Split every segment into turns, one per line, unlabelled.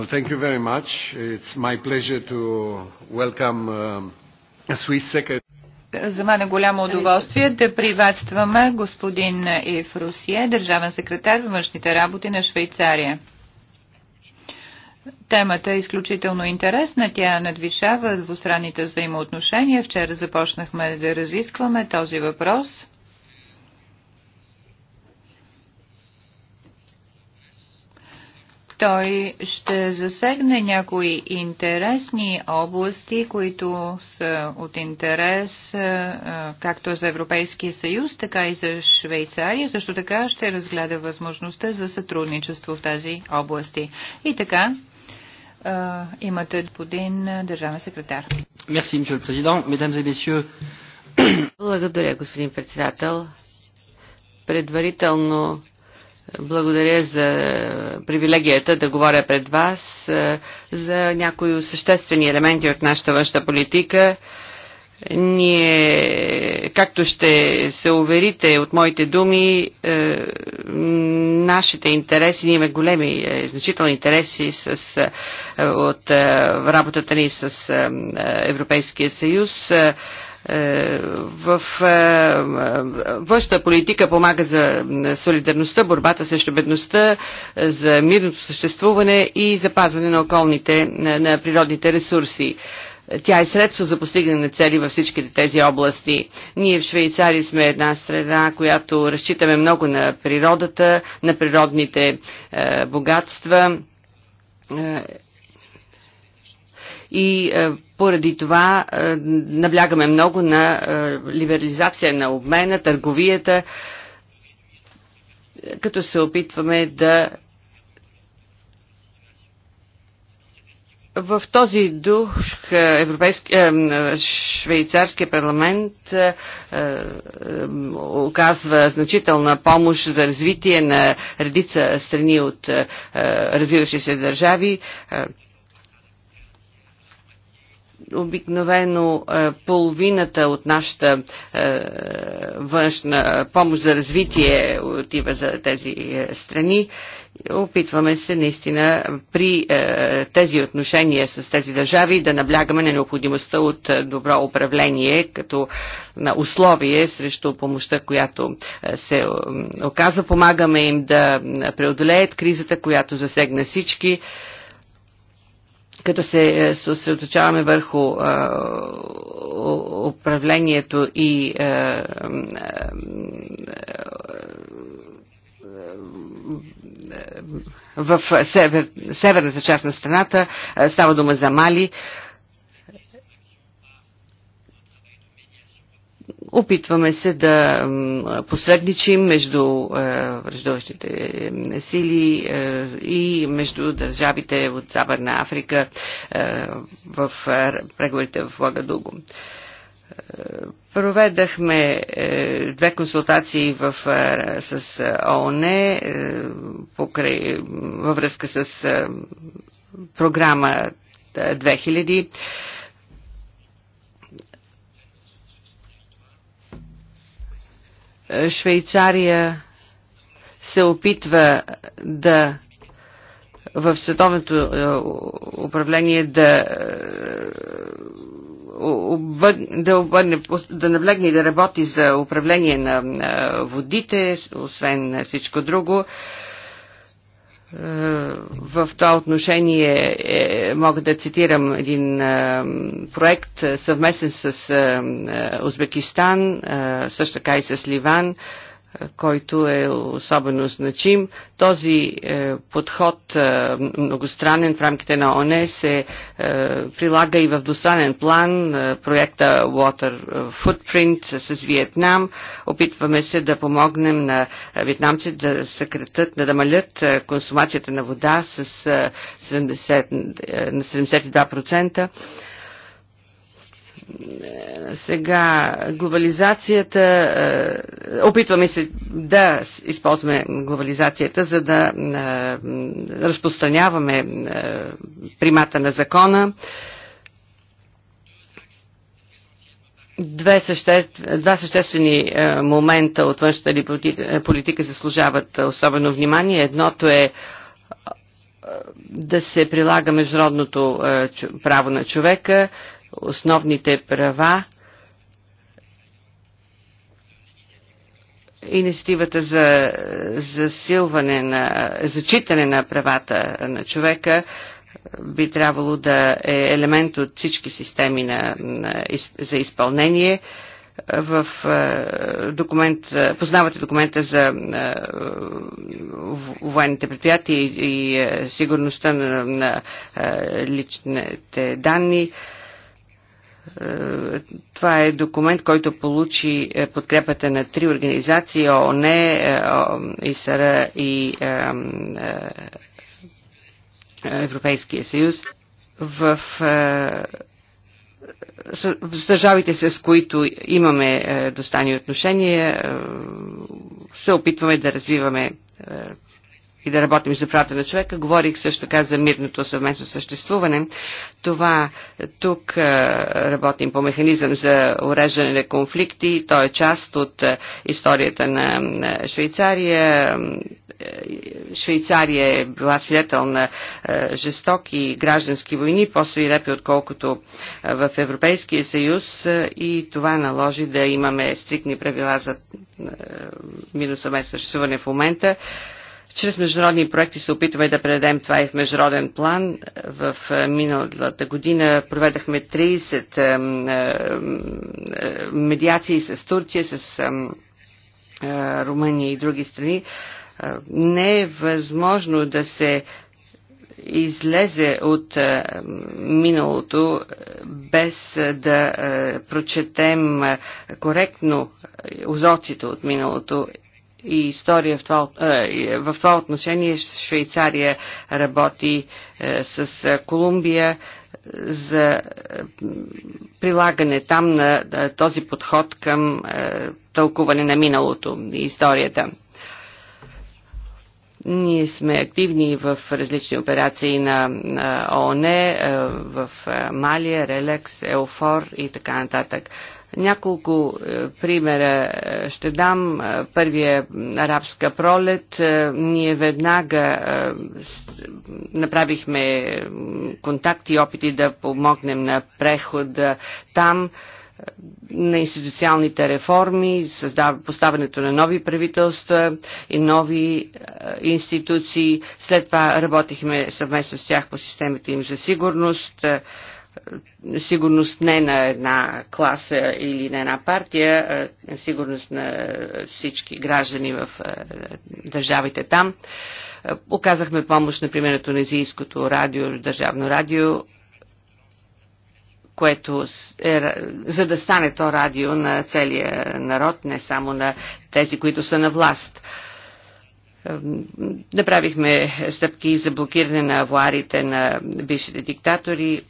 Well, thank you very much. It's my pleasure to welcome uh, Swiss Secretary.
За мен е голямо удоволствие да приветстваме господин Ив Русие, държавен секретар в външните работи на Швейцария. Темата е изключително интересна. Тя надвишава двустранните взаимоотношения. Вчера започнахме да разискваме този въпрос – Той ще засегне някои интересни области, които са от интерес както за Европейския съюз, така и за Швейцария. Също така ще разгледа възможността за сътрудничество в тази области. И така, имате господин държавен секретар.
Мерси, мисъл президент, медамс и
Благодаря,
господин председател. Предварително благодаря за привилегията да говоря пред вас е, за някои съществени елементи от нашата външна политика. Ние, както ще се уверите от моите думи, е, нашите интереси, ние имаме големи, е, значителни интереси с, от работата ни с Европейския съюз. Е, в е, външната политика помага за солидарността, борбата срещу бедността, за мирното съществуване и запазване на околните, на природните ресурси. Тя е средство за постигане на цели във всичките тези области. Ние в Швейцария сме една страна, която разчитаме много на природата, на природните е, богатства. Е, и е, поради това е, наблягаме много на е, либерализация на обмена, търговията, като се опитваме да В този дух Европейски, Швейцарския парламент оказва значителна помощ за развитие на редица страни от развиващи се държави обикновено е, половината от нашата е, външна помощ за развитие отива за тези е, страни. Опитваме се наистина при тези отношения с тези държави да наблягаме на необходимостта от добро управление като на условие срещу помощта, която се оказва. Помагаме им да преодолеят кризата, която засегна всички като се е, съсредоточаваме върху е, управлението и е, в север, северната част на страната, става дума за Мали, Опитваме се да посредничим между е, връждуващите е, сили е, и между държавите от Западна Африка в преговорите в Лагадуго. Проведахме две консултации в, с ООН покрай, във връзка с програма 2000 Швейцария се опитва да в световното е, управление да е, да, обърне, да наблегне и да работи за управление на водите, освен всичко друго. В това отношение е, мога да цитирам един е, проект е, съвместен с Узбекистан, също така и с Ливан, който е особено значим. Този е, подход е, многостранен в рамките на ОНЕ се е, прилага и в двустранен план е, проекта Water Footprint с Виетнам. Опитваме се да помогнем на вьетнамците да съкретат, да намалят е, консумацията на вода с 70, е, на 72% сега глобализацията, е, опитваме се да използваме глобализацията, за да е, разпространяваме е, примата на закона. Две съществ... Два съществени момента от външната политика заслужават особено внимание. Едното е да се прилага международното право на човека, основните права, инициативата за засилване на зачитане на правата на човека би трябвало да е елемент от всички системи на, на, за изпълнение. В е, документ, е, познавате документа за е, военните предприятия и, и сигурността на, на личните данни. Е, това е документ, който получи е, подкрепата на три организации ООН, е, ИСР и Европейския съюз. В с държавите, с които имаме достани отношения, се опитваме да развиваме и да работим за правата на човека. Говорих също така за мирното съвместно съществуване. Това е, тук е, работим по механизъм за уреждане на конфликти. Той е част от е, историята на Швейцария. Швейцария е била свидетел на жестоки граждански войни, по-свирепи отколкото в Европейския съюз и това наложи да имаме стрикни правила за мирно съвместно съществуване в момента. Чрез международни проекти се опитваме да предадем това и в международен план. В е, миналата година проведахме 30 е, е, медиации с Турция, с Румъния и други страни. Не е възможно да се излезе от миналото без да прочетем коректно узорците от миналото и история в това, е, в това отношение. Швейцария работи е, с е, Колумбия за прилагане там на този подход към тълкуване на миналото и историята. Ние сме активни в различни операции на ООН, в Малия, Релекс, Еофор и така нататък. Няколко е, примера е, ще дам. Е, първия арабска пролет. Ние веднага направихме контакти и опити да помогнем на прехода там на институциалните реформи, поставянето на нови правителства и нови институции. След това работихме съвместно с тях по системите им за сигурност сигурност не на една класа или на една партия, а сигурност на всички граждани в държавите там. Оказахме помощ, например, на тунезийското радио, държавно радио, което е, за да стане то радио на целия народ, не само на тези, които са на власт. Направихме стъпки за блокиране на авуарите на бившите диктатори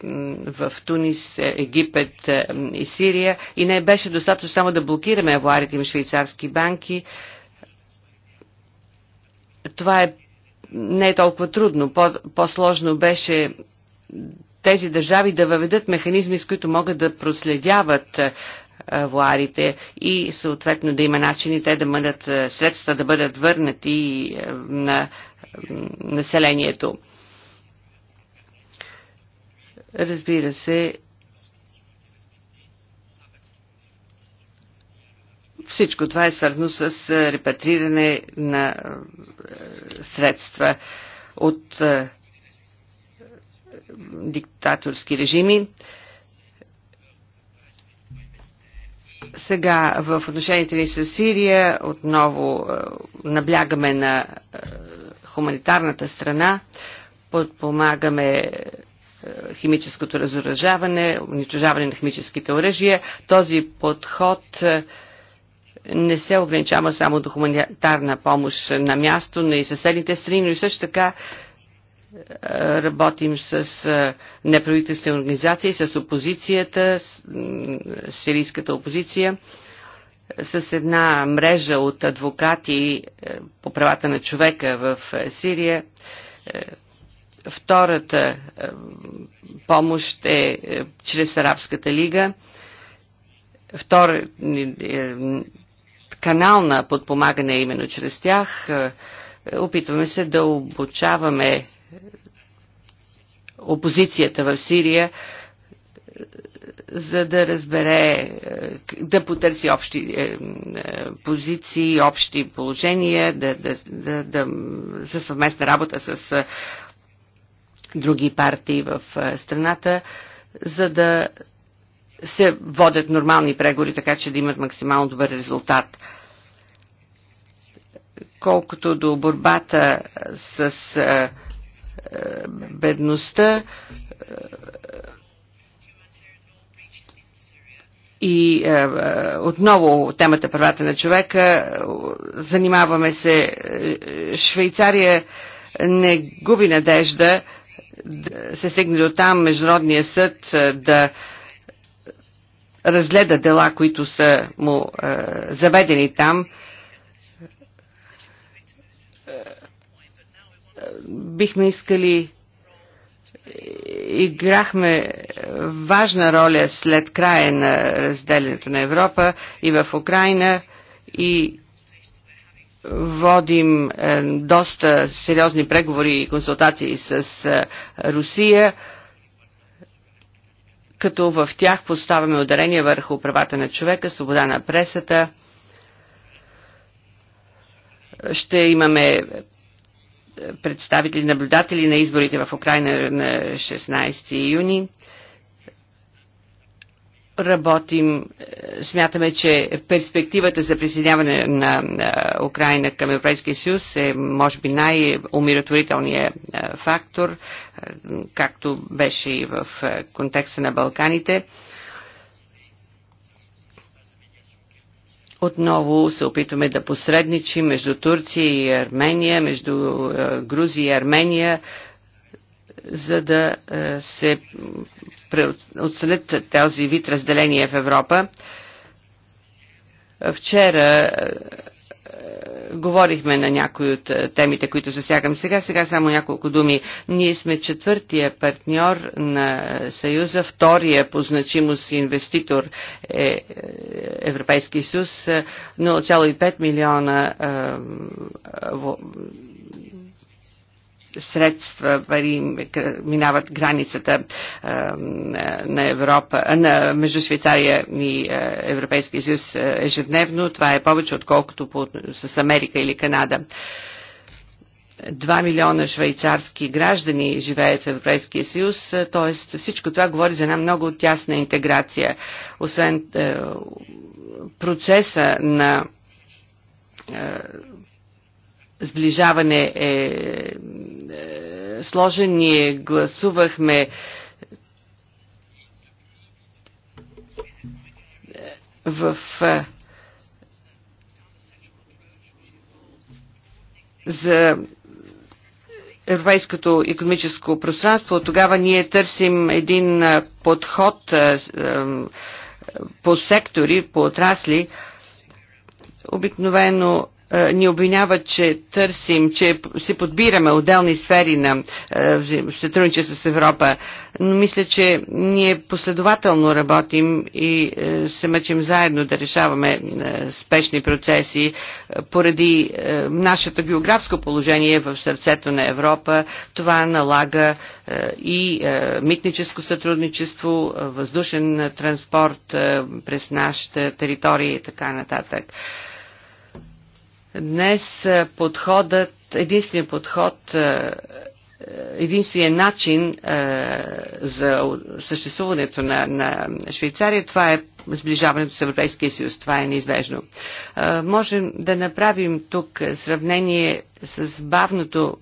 в Тунис, е, Египет е, и Сирия и не беше достатъчно само да блокираме авуарите им швейцарски банки. Това е, не е толкова трудно. По, по-сложно беше тези държави да въведат механизми, с които могат да проследяват е, авуарите и съответно да има начини те да бъдат, средства да бъдат върнати на населението. Разбира се, всичко това е свързано с репатриране на средства от диктаторски режими. Сега в отношенията ни с Сирия отново е, наблягаме на е, хуманитарната страна, подпомагаме е, химическото разоръжаване, унищожаване на химическите оръжия. Този подход не се ограничава само до хуманитарна помощ на място, на и съседните страни, но и също така работим с неправителствени организации, с опозицията, с сирийската опозиция, с една мрежа от адвокати е, по правата на човека в е, Сирия. Е, втората помощ е чрез Арабската лига. Втор канал на подпомагане е именно чрез тях. Опитваме се да обучаваме опозицията в Сирия, за да разбере, да потърси общи е, е, позиции, общи положения, да, да, да, да, за съвместна работа с е, други партии в страната, за да се водят нормални преговори, така че да имат максимално добър резултат. Колкото до борбата с бедността е, и е, отново темата правата на човека. Занимаваме се. Е, Швейцария не губи надежда да се стигне до там Международния съд да разгледа дела, които са му заведени там. бихме искали играхме важна роля след края на разделянето на Европа и в Украина и водим е, доста сериозни преговори и консултации с е, Русия, като в тях поставяме ударение върху правата на човека, свобода на пресата. Ще имаме представители, наблюдатели на изборите в Украина на 16 юни. Работим, е, смятаме, че перспективата за присъединяване на Украина към Европейския съюз е, може би, най-умиротворителният е, фактор, е, както беше и в контекста на Балканите. Отново се опитваме да посредничим между Турция и Армения, между е, Грузия и Армения, за да е, се отслед този вид разделение в Европа. Вчера е, говорихме на някои от е, темите, които засягам сега. Сега само няколко думи. Ние сме четвъртия партньор на Съюза, втория по значимост инвеститор е, е Европейски съюз, 0,5 милиона средства, пари минават границата на Европа, на, между Швейцария и Европейския съюз ежедневно. Това е повече, отколкото по, с Америка или Канада. 2 милиона швейцарски граждани живеят в Европейския съюз, т.е. всичко това говори за една много тясна интеграция. Освен е, процеса на е, сближаване е сложен. Ние гласувахме в за европейското економическо пространство. тогава ние търсим един подход по сектори, по отрасли. Обикновено е, ни обвиняват, че търсим, че се подбираме отделни сфери на е, сътрудничество с Европа, но мисля, че ние последователно работим и е, се мъчим заедно да решаваме спешни процеси поради нашето географско положение в сърцето на Европа. Това налага и митническо сътрудничество, въздушен транспорт през нашата територия и така нататък. Днес подходът, единственият подход, единственият начин за съществуването на, на Швейцария, това е сближаването с Европейския съюз. Това е неизбежно. Можем да направим тук сравнение с бавното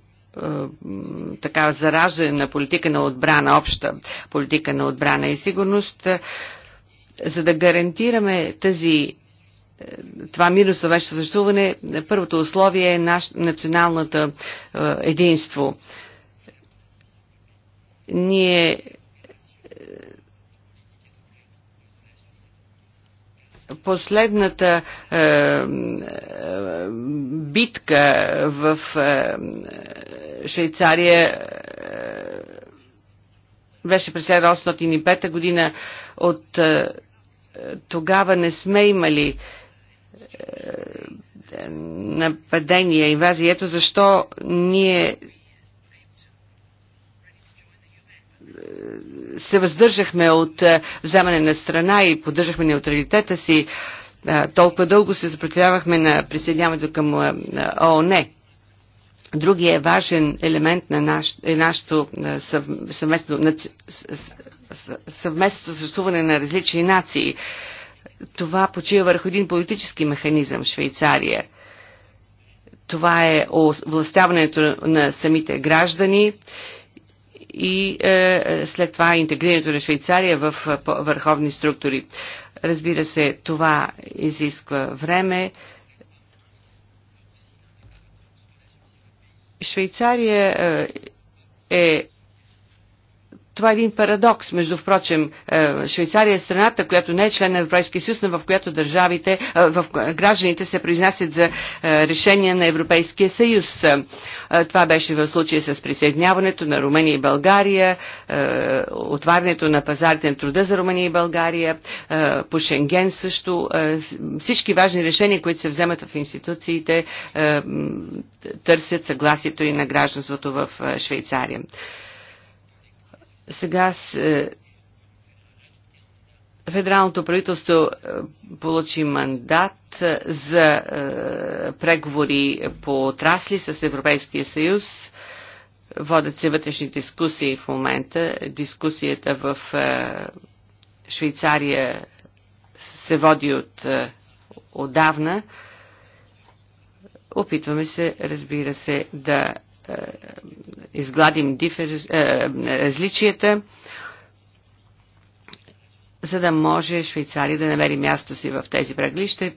така зараждане на политика на отбрана, обща политика на отбрана и сигурност, за да гарантираме тази това мирно съвместно съществуване, първото условие е наш, националната единство. Ние последната е, е, битка в е, Швейцария е, беше през 1805 година. От е, тогава не сме имали е, е, нападения, инвазия. Ето защо ние е, се въздържахме от е, вземане на страна и поддържахме неутралитета си. Толкова дълго се съпротивявахме на присъединяването към ООН. Другия важен елемент на наш, е нашето съвместно, съвместно съществуване на различни нации това почива върху един политически механизъм в Швейцария. Това е властяването на самите граждани и е, след това интегрирането на Швейцария в е, върховни структури. Разбира се, това изисква време. Швейцария е, е това е един парадокс. Между впрочем, е, Швейцария е страната, която не е член на Европейския съюз, но в която държавите, е, в гражданите се произнасят за е, решения на Европейския съюз. Това беше в случая с присъединяването на Румъния и България, отварянето на пазарите на труда за Румъния и България, по Шенген също. Всички важни решения, които се вземат в институциите, търсят съгласието и на гражданството в Швейцария. Сега с, е, федералното правителство е, получи мандат е, за преговори по отрасли с Европейския съюз. Водят се вътрешни дискусии в момента. Дискусията в Швейцария се води от отдавна. Опитваме се, разбира се, да е, изгладим дифер, е, различията, за да може Швейцария да намери място си в тези преглища. Ще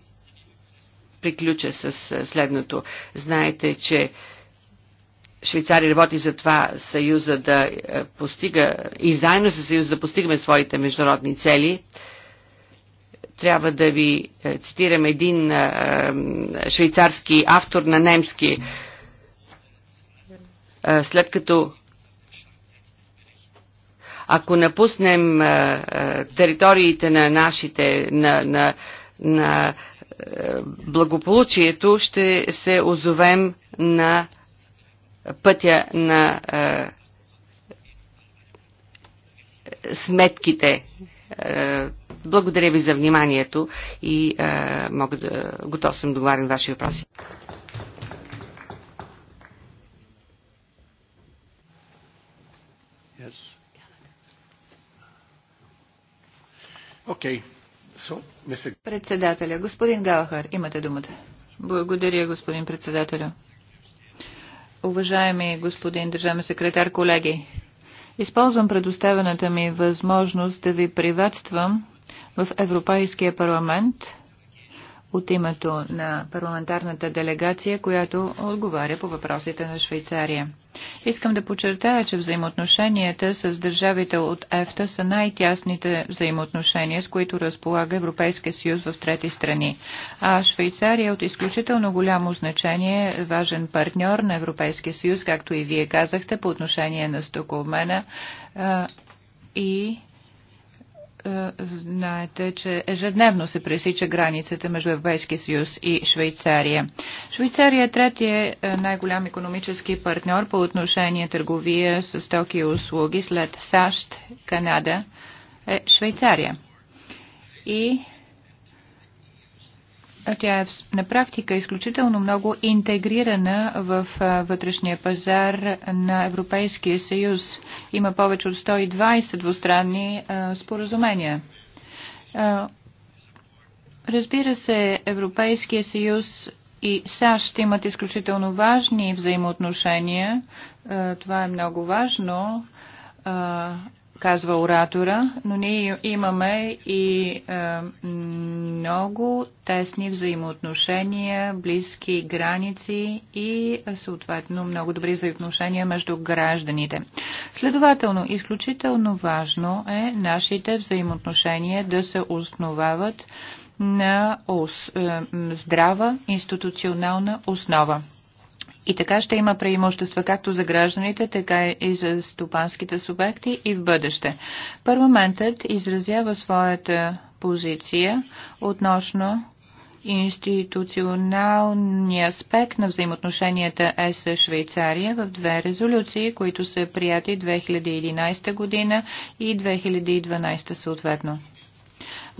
приключа с е, следното. Знаете, че Швейцария работи за това Съюза да постига и заедно с Съюза да постигаме своите международни цели. Трябва да ви цитирам един швейцарски автор на немски след като ако напуснем териториите на нашите, на, на, на благополучието, ще се озовем на пътя на сметките. Благодаря ви за вниманието и мога да, готов съм да отговарям ваши въпроси.
Yes. Okay. So, Mr.
Председателя, господин Галахар, имате думата. Благодаря, господин председателю. Уважаеми господин държавен секретар, колеги, използвам предоставената ми възможност да ви приветствам в Европейския парламент – от името на парламентарната делегация, която отговаря по въпросите на Швейцария. Искам да подчертая, че взаимоотношенията с държавите от ЕФТА са най-тясните взаимоотношения, с които разполага Европейския съюз в трети страни. А Швейцария е от изключително голямо значение, важен партньор на Европейския съюз, както и вие казахте, по отношение на стокообмена и е, знаете, че ежедневно се пресича границата между Европейския съюз и Швейцария. Швейцария е третия е, най-голям економически партньор по отношение търговия с стоки и услуги след САЩ, Канада, е Швейцария. И тя е на практика изключително много интегрирана в вътрешния пазар на Европейския съюз. Има повече от 120 двустранни споразумения. Разбира се, Европейския съюз и САЩ имат изключително важни взаимоотношения. Това е много важно казва оратора, но ние имаме и е, много тесни взаимоотношения, близки граници и е, съответно много добри взаимоотношения между гражданите. Следователно, изключително важно е нашите взаимоотношения да се основават на ос, е, здрава институционална основа. И така ще има преимущества както за гражданите, така и за стопанските субекти и в бъдеще. Парламентът изразява своята позиция относно институционалния аспект на взаимоотношенията ЕС-Швейцария в две резолюции, които са прияти 2011 година и 2012 съответно.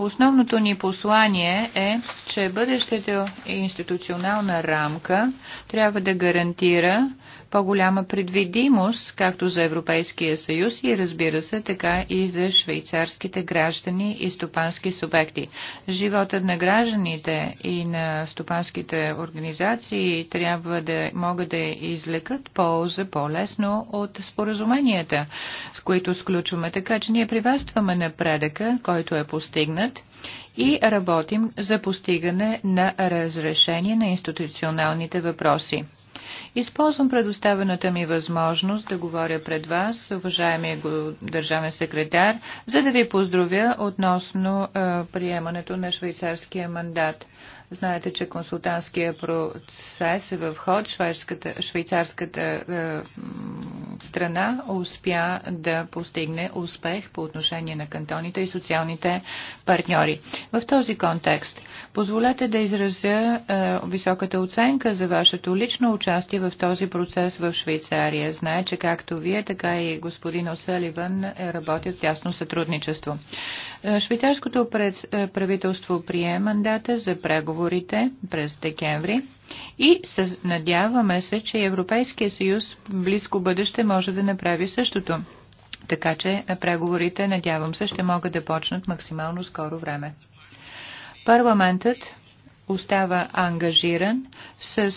Основното ни послание е, че бъдещата институционална рамка трябва да гарантира по-голяма предвидимост, както за Европейския съюз и разбира се, така и за швейцарските граждани и стопански субекти. Животът на гражданите и на стопанските организации трябва да могат да извлекат полза по-лесно от споразуменията, с които сключваме. Така че ние приветстваме напредъка, който е постигнат и работим за постигане на разрешение на институционалните въпроси. Използвам предоставената ми възможност да говоря пред вас, уважаеми го държавен секретар, за да ви поздравя относно приемането на швейцарския мандат. Знаете, че консултантския процес е в ход. Швейцарската, швейцарската страна успя да постигне успех по отношение на кантоните и социалните партньори. В този контекст, позволете да изразя е, високата оценка за вашето лично участие в този процес в Швейцария. Знае, че както вие, така и господин Оселиван е, работят тясно сътрудничество. Е, швейцарското е, правителство прие мандата за преговор преговорите през декември и се надяваме се, че Европейския съюз в близко бъдеще може да направи същото. Така че преговорите, надявам се, ще могат да почнат максимално скоро време. Парламентът остава ангажиран с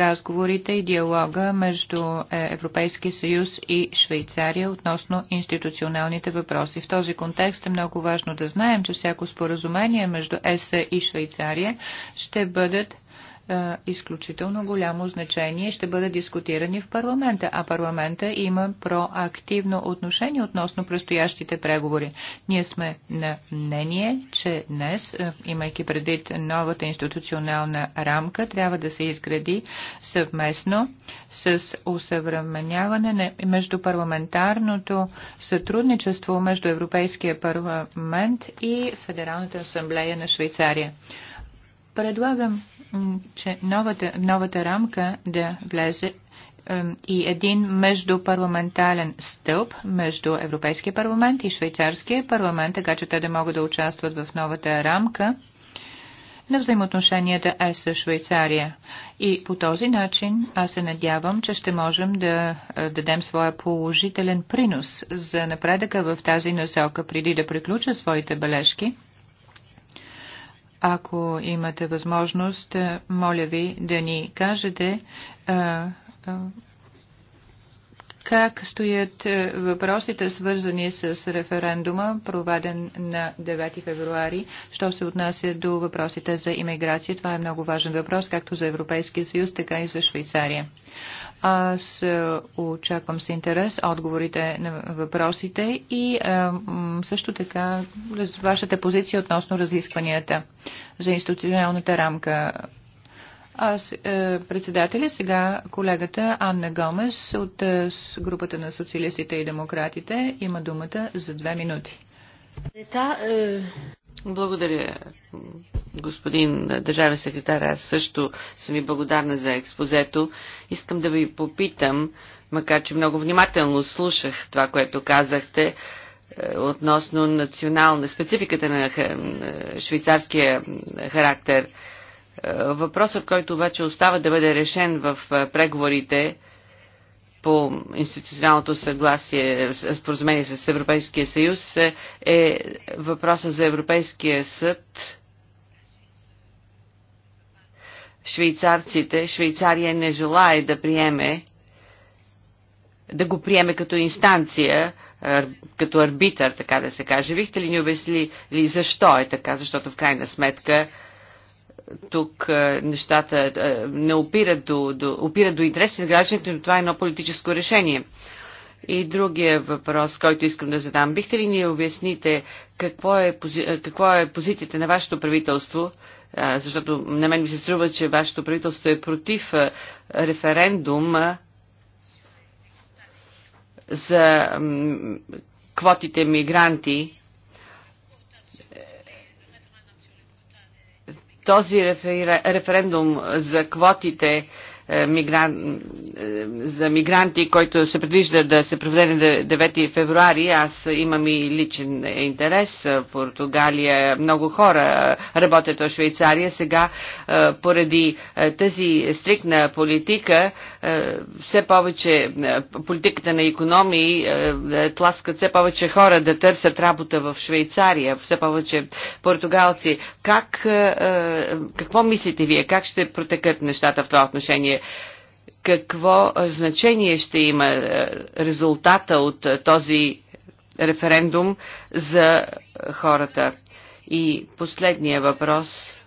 разговорите и диалога между Европейския съюз и Швейцария относно институционалните въпроси. В този контекст е много важно да знаем, че всяко споразумение между ЕС и Швейцария ще бъдат е, изключително голямо значение ще бъдат дискутирани в парламента, а парламента има проактивно отношение относно предстоящите преговори. Ние сме на мнение, че днес, е, имайки предвид новата институционална рамка, трябва да се изгради съвместно с усъвременяване на междупарламентарното сътрудничество между Европейския парламент и Федералната асамблея на Швейцария. Предлагам, че новата, новата рамка да влезе и един междупарламентален стълб между Европейския парламент и Швейцарския парламент, така че те да могат да участват в новата рамка на взаимоотношенията е с швейцария И по този начин аз се надявам, че ще можем да дадем своя положителен принос за напредъка в тази насока. Преди да приключа своите бележки, ако имате възможност, моля ви да ни кажете как стоят е, въпросите, свързани с референдума, проведен на 9 февруари, що се отнася до въпросите за иммиграция. Това е много важен въпрос, както за Европейския съюз, така и за Швейцария. Аз е, очаквам с интерес отговорите на въпросите и е, също така вашата позиция относно разискванията за институционалната рамка аз, е, председателя, сега колегата Анна Гомес от е, групата на социалистите и демократите има думата за две минути.
Е,
Благодаря, господин държавен секретар. Аз също съм ви благодарна за експозето. Искам да ви попитам, макар че много внимателно слушах това, което казахте, е, относно национална, спецификата на е, швейцарския характер – Въпросът, който обаче остава да бъде решен в преговорите по институционалното съгласие, споразумение с Европейския съюз, е, е въпросът за Европейския съд. Швейцарците, Швейцария не желая да приеме, да го приеме като инстанция, като арбитър, така да се каже. Вихте ли ни ли защо е така? Защото в крайна сметка тук е, нещата е, не опират до, до, опират до интереси на гражданите, но това е едно политическо решение. И другия въпрос, който искам да задам. Бихте ли ни обясните какво е, е какво е позицията на вашето правителство? Защото на мен ми се струва, че вашето правителство е против референдум за квотите мигранти този референдум за квотите е, е, за мигранти, който се предвижда да се проведе на 9 февруари. Аз имам и личен интерес. В Португалия много хора работят в Швейцария. Сега е, поради тази стрикна политика е, все повече е, политиката на економии е, тласкат все повече хора да търсят работа в Швейцария, все повече португалци. Как, какво мислите вие? Как ще протекат нещата в това отношение? Какво значение ще има резултата от този референдум за хората? И последния въпрос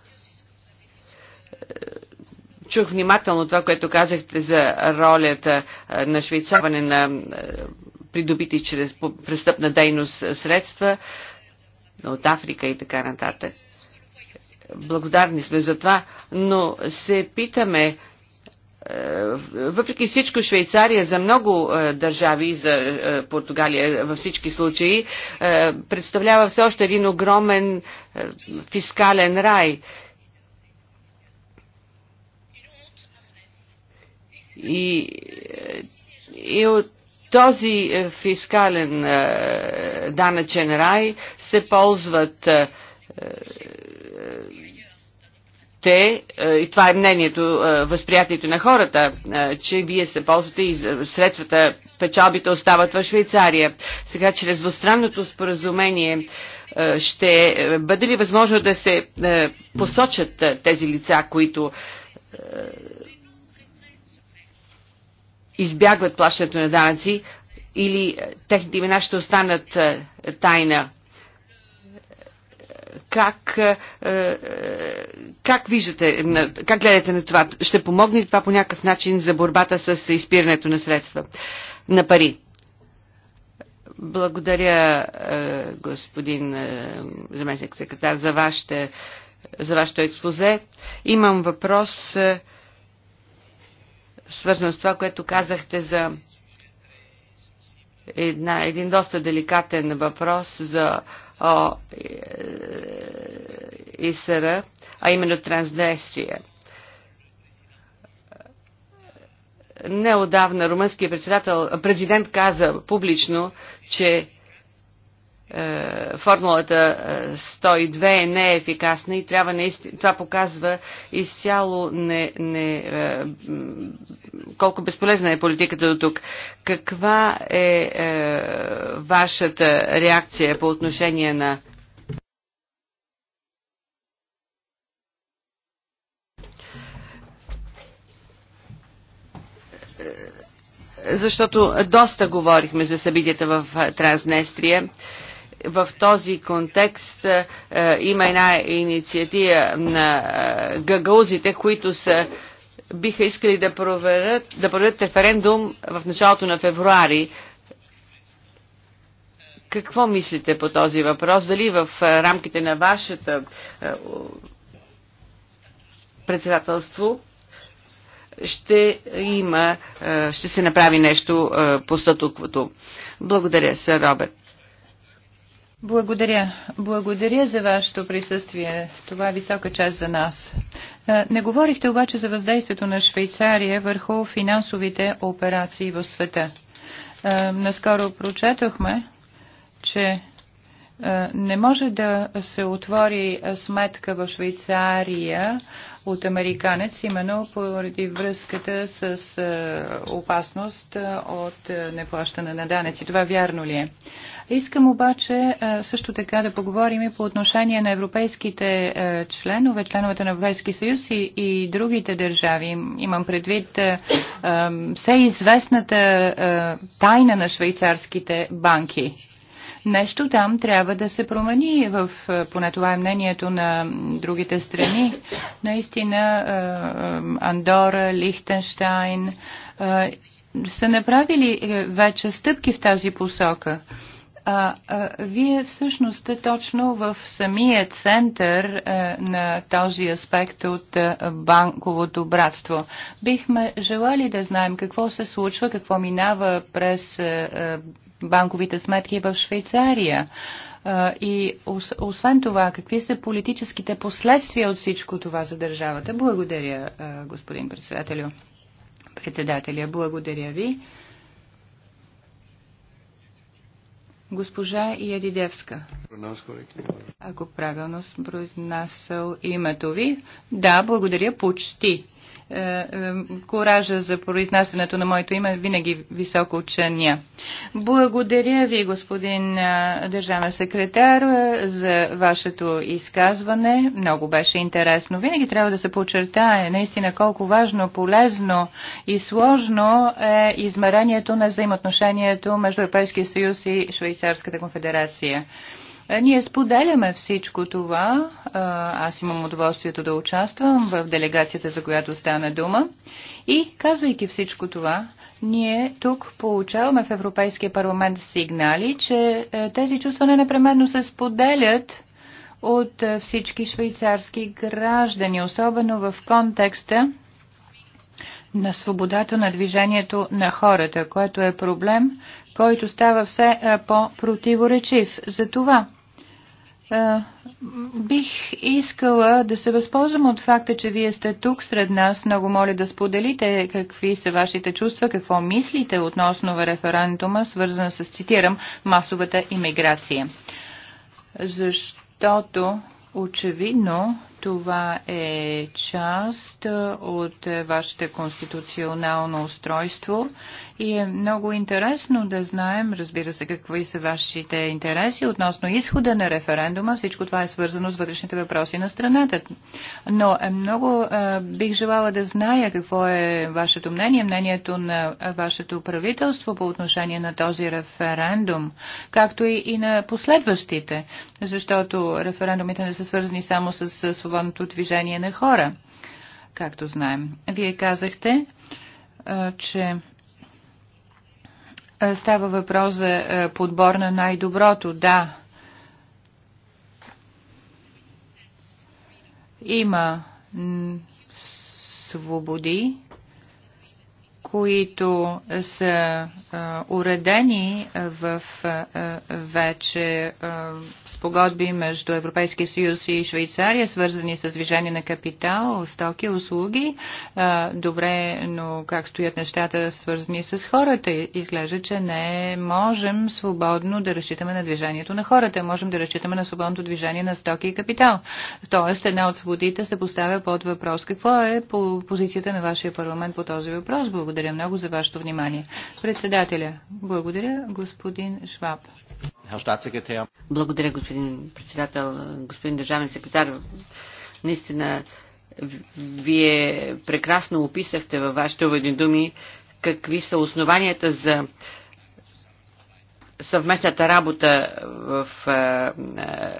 Чух внимателно това, което казахте за ролята на швейцоване на придобити чрез престъпна дейност средства от Африка и така нататък. Благодарни сме за това, но се питаме, въпреки всичко Швейцария за много държави, за Португалия във всички случаи, представлява все още един огромен фискален рай И, и от този е, фискален е, данъчен рай се ползват е, те, и това е мнението, възприятието на хората, че вие се ползвате и средствата, печалбите остават в Швейцария. Сега, чрез двустранното споразумение, ще бъде ли възможно да се посочат тези лица, които избягват плащането на данъци или е, техните имена ще останат е, тайна. Е, как, как виждате, как гледате на това? Ще помогне ли това по някакъв начин за борбата с изпирането на средства, на пари? Благодаря, господин заместник секретар, за вашето за вашето експозе. Имам въпрос свързан с това, което казахте за една, един доста деликатен въпрос за о, и, е, и, ИСР, а именно Трансдестрия. Неодавна румънският председател, президент каза публично, че е, формулата 102 е, не е ефикасна и трябва наистина, това показва изцяло не, не, е, колко безполезна е политиката до тук. Каква е, е вашата реакция по отношение на защото доста говорихме за събитията в Транснестрия в този контекст е, е, има една инициатива на е, гагаузите, които са, биха искали да проверят, да проверят референдум в началото на февруари. Какво мислите по този въпрос? Дали в рамките на вашата председателство ще има, ще се направи нещо по статуквото. Благодаря, сър Роберт.
Благодаря. Благодаря за вашето присъствие. Това е висока част за нас. Е, не говорихте обаче за въздействието на Швейцария върху финансовите операции в света. Е, наскоро прочетохме, че е, не може да се отвори сметка в Швейцария от американец, именно поради връзката с е, опасност е, от е, неплащане на данъци. Това вярно ли е? Искам обаче също така да поговорим и по отношение на европейските членове, членовете на Европейски съюз и, и другите държави. Имам предвид все известната тайна на швейцарските банки Нещо там трябва да се промени, в, е, поне това е мнението на другите страни. Наистина е, е, Андора, Лихтенштайн са направили вече стъпки в тази посока. А, а вие всъщност сте точно в самия център а, на този аспект от а, банковото братство. Бихме желали да знаем какво се случва, какво минава през а, банковите сметки в Швейцария? И освен това, какви са политическите последствия от всичко това за държавата? Благодаря, господин председателю. Председателя, благодаря ви. Госпожа Ядидевска. Ако правилно съм произнасял името ви. Да, благодаря почти. Е, е, коража за произнасянето на моето име винаги високо учения. Благодаря ви, господин е, държавен секретар, за вашето изказване. Много беше интересно. Винаги трябва да се подчертае наистина колко важно, полезно и сложно е измерението на взаимоотношението между Европейския съюз и Швейцарската конфедерация. Е, ние споделяме всичко това. Е, аз имам удоволствието да участвам в делегацията, за която стана дума. И казвайки всичко това, ние тук получаваме в Европейския парламент сигнали, че е, тези чувства не непременно се споделят от всички швейцарски граждани, особено в контекста на свободата на движението на хората, което е проблем, който става все е, по-противоречив. Затова е, Бих искала да се възползвам от факта, че вие сте тук сред нас. Много моля да споделите какви са вашите чувства, какво мислите относно референдума, свързан с, цитирам, масовата иммиграция. Защото очевидно това е част е, от е, вашето конституционално устройство и е много интересно да знаем, разбира се, какви са вашите интереси относно изхода на референдума. Всичко това е свързано с вътрешните въпроси на страната. Но е, много бих желала да зная какво е вашето мнение, мнението на вашето правителство по отношение на този референдум, както и на последващите, защото референдумите не са свързани само с свобода свободното движение на хора, както знаем. Вие казахте, че става въпрос за подбор на най-доброто. Да, има свободи, които са уредени в вече спогодби между Европейския съюз и Швейцария, свързани с движение на капитал, стоки, услуги. добре, но как стоят нещата, свързани с хората? Изглежда, че не можем свободно да разчитаме на движението на хората. Можем да разчитаме на свободното движение на стоки и капитал. Тоест, една от свободите се поставя под въпрос. Какво е по позицията на вашия парламент по този въпрос? Благодаря. Благодаря много за вашето внимание. Председателя, благодаря господин Шваб.
Благодаря господин председател, господин държавен секретар. Наистина, вие прекрасно описахте във вашите уведни думи какви са основанията за съвместната работа в,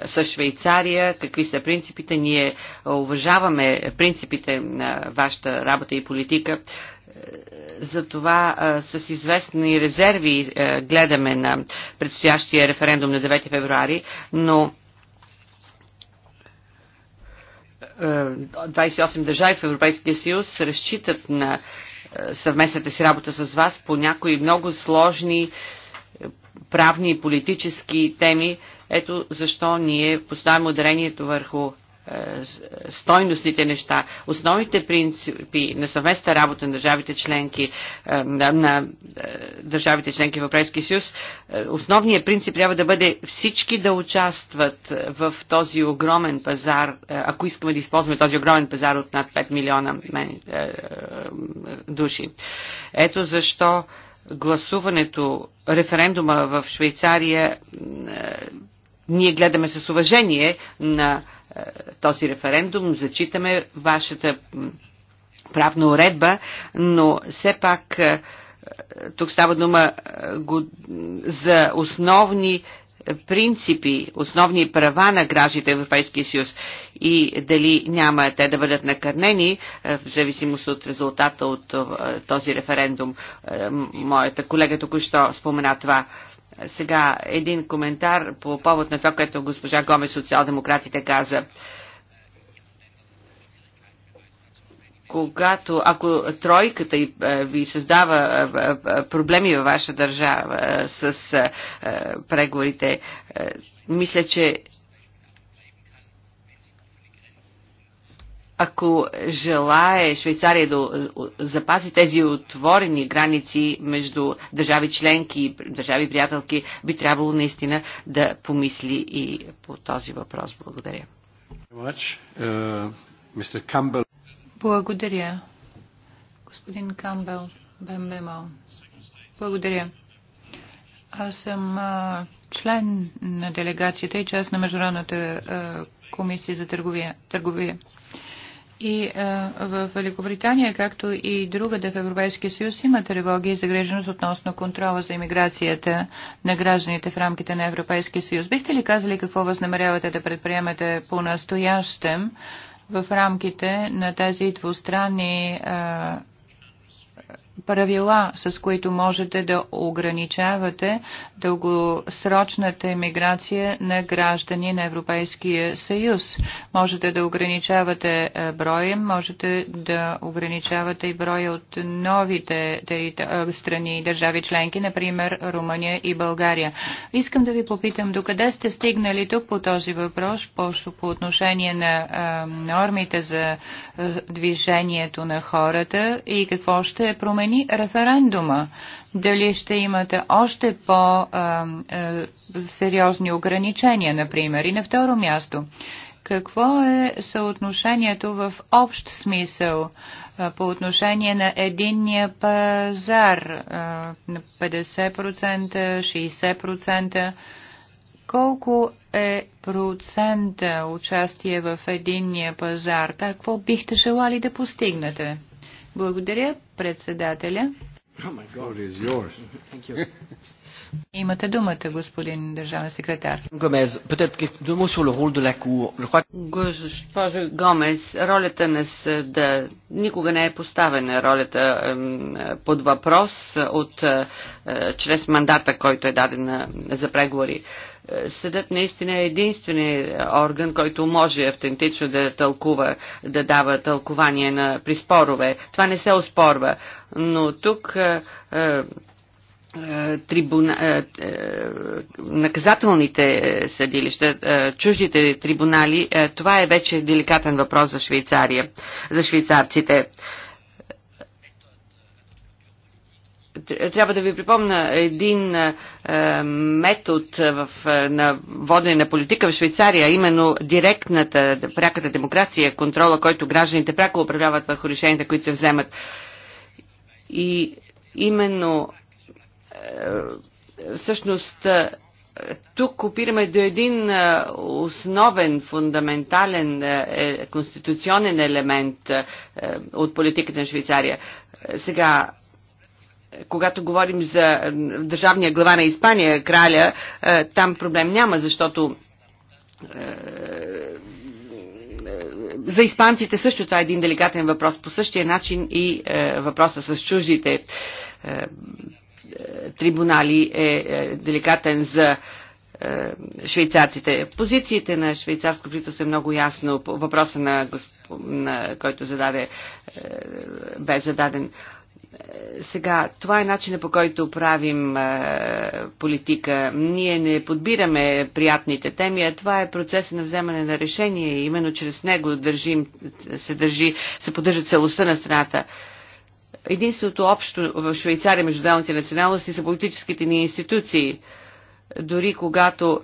с Швейцария, какви са принципите. Ние уважаваме принципите на вашата работа и политика. За а, с известни резерви а, гледаме на предстоящия референдум на 9 февруари, но 28 държави в Европейския съюз разчитат на съвместната си работа с вас по някои много сложни правни и политически теми. Ето защо ние поставяме ударението върху стойностните неща, основните принципи на съвместна работа на държавите членки е, на, на е, държавите членки в Европейския съюз, е, основният принцип трябва да бъде всички да участват в този огромен пазар, ако искаме да използваме този огромен пазар от над 5 милиона души. Ето защо гласуването, референдума в Швейцария ние гледаме с уважение на е, този референдум, зачитаме вашата правна уредба, но все пак е, е, тук става дума за основни принципи, основни права на гражданите в Европейския съюз и дали няма те да бъдат накърнени е, в зависимост от резултата от е, този референдум. Е, моята колега току-що спомена това. Сега един коментар по повод на това, което госпожа Гомес, социал-демократите, каза. когато, ако тройката е, ви създава е, е, проблеми във ваша държава с преговорите, мисля, че ако желае Швейцария да запази тези отворени граници между държави членки и държави приятелки, би трябвало наистина да помисли и по този въпрос. Благодаря.
Благодаря. Господин Камбел Бембемо. Благодаря. Аз съм а, член на делегацията и част на Международната а, комисия за търговия. търговия. И а, в Великобритания, както и другаде в Европейския съюз, има тревоги и загреженост относно контрола за иммиграцията на гражданите в рамките на Европейския съюз. Бихте ли казали какво възнамерявате да предприемете по-настоящем? в рамките на тези двустранни а, правила, с които можете да ограничавате дългосрочната емиграция на граждани на Европейския съюз. Можете да ограничавате е, броя, можете да ограничавате и броя от новите е, страни и държави членки, например Румъния и България. Искам да ви попитам, докъде сте стигнали тук по този въпрос, пощо по отношение на е, нормите за движението на хората и какво ще е променено промени референдума. Дали ще имате още по-сериозни ограничения, например. И на второ място, какво е съотношението в общ смисъл по отношение на единния пазар на 50%, 60%? Колко е процента участие в единния пазар? Какво бихте желали да постигнете? Благодаря. Председателя.
Oh
Имате думата, господин държавен секретар. Гомес,
Госпожо Гомес, ролята на съда никога не е поставена ролята под въпрос от е, чрез мандата, който е даден за преговори съдът наистина е единственият орган, който може автентично да тълкува, да дава тълкование на, приспорове. Това не се оспорва. Но тук е, е, е трибуна, е, е, наказателните съдилища, е, чуждите трибунали, това е вече деликатен въпрос за Швейцария, за швейцарците. трябва да ви припомна един е, метод е, в, е, на водене на политика в Швейцария, именно директната, пряката демокрация, контрола, който гражданите пряко управляват върху решенията, които се вземат. И именно всъщност тук опираме до един основен, фундаментален конституционен елемент от политиката на Швейцария. Сега когато говорим за държавния глава на Испания, краля, е, там проблем няма, защото е, за испанците също това е един деликатен въпрос. По същия начин и е, въпроса с чуждите трибунали е деликатен за швейцарците. Позициите на швейцарско правителство е много ясно. Въпроса на, госп... на който зададе, бе зададен. Е, сега, това е начинът по който правим е, политика. Ние не подбираме приятните теми, а това е процеса на вземане на решение и именно чрез него държим, се, държи, се поддържа целостта на страната. Единственото общо в Швейцария между националности са политическите ни институции. Дори когато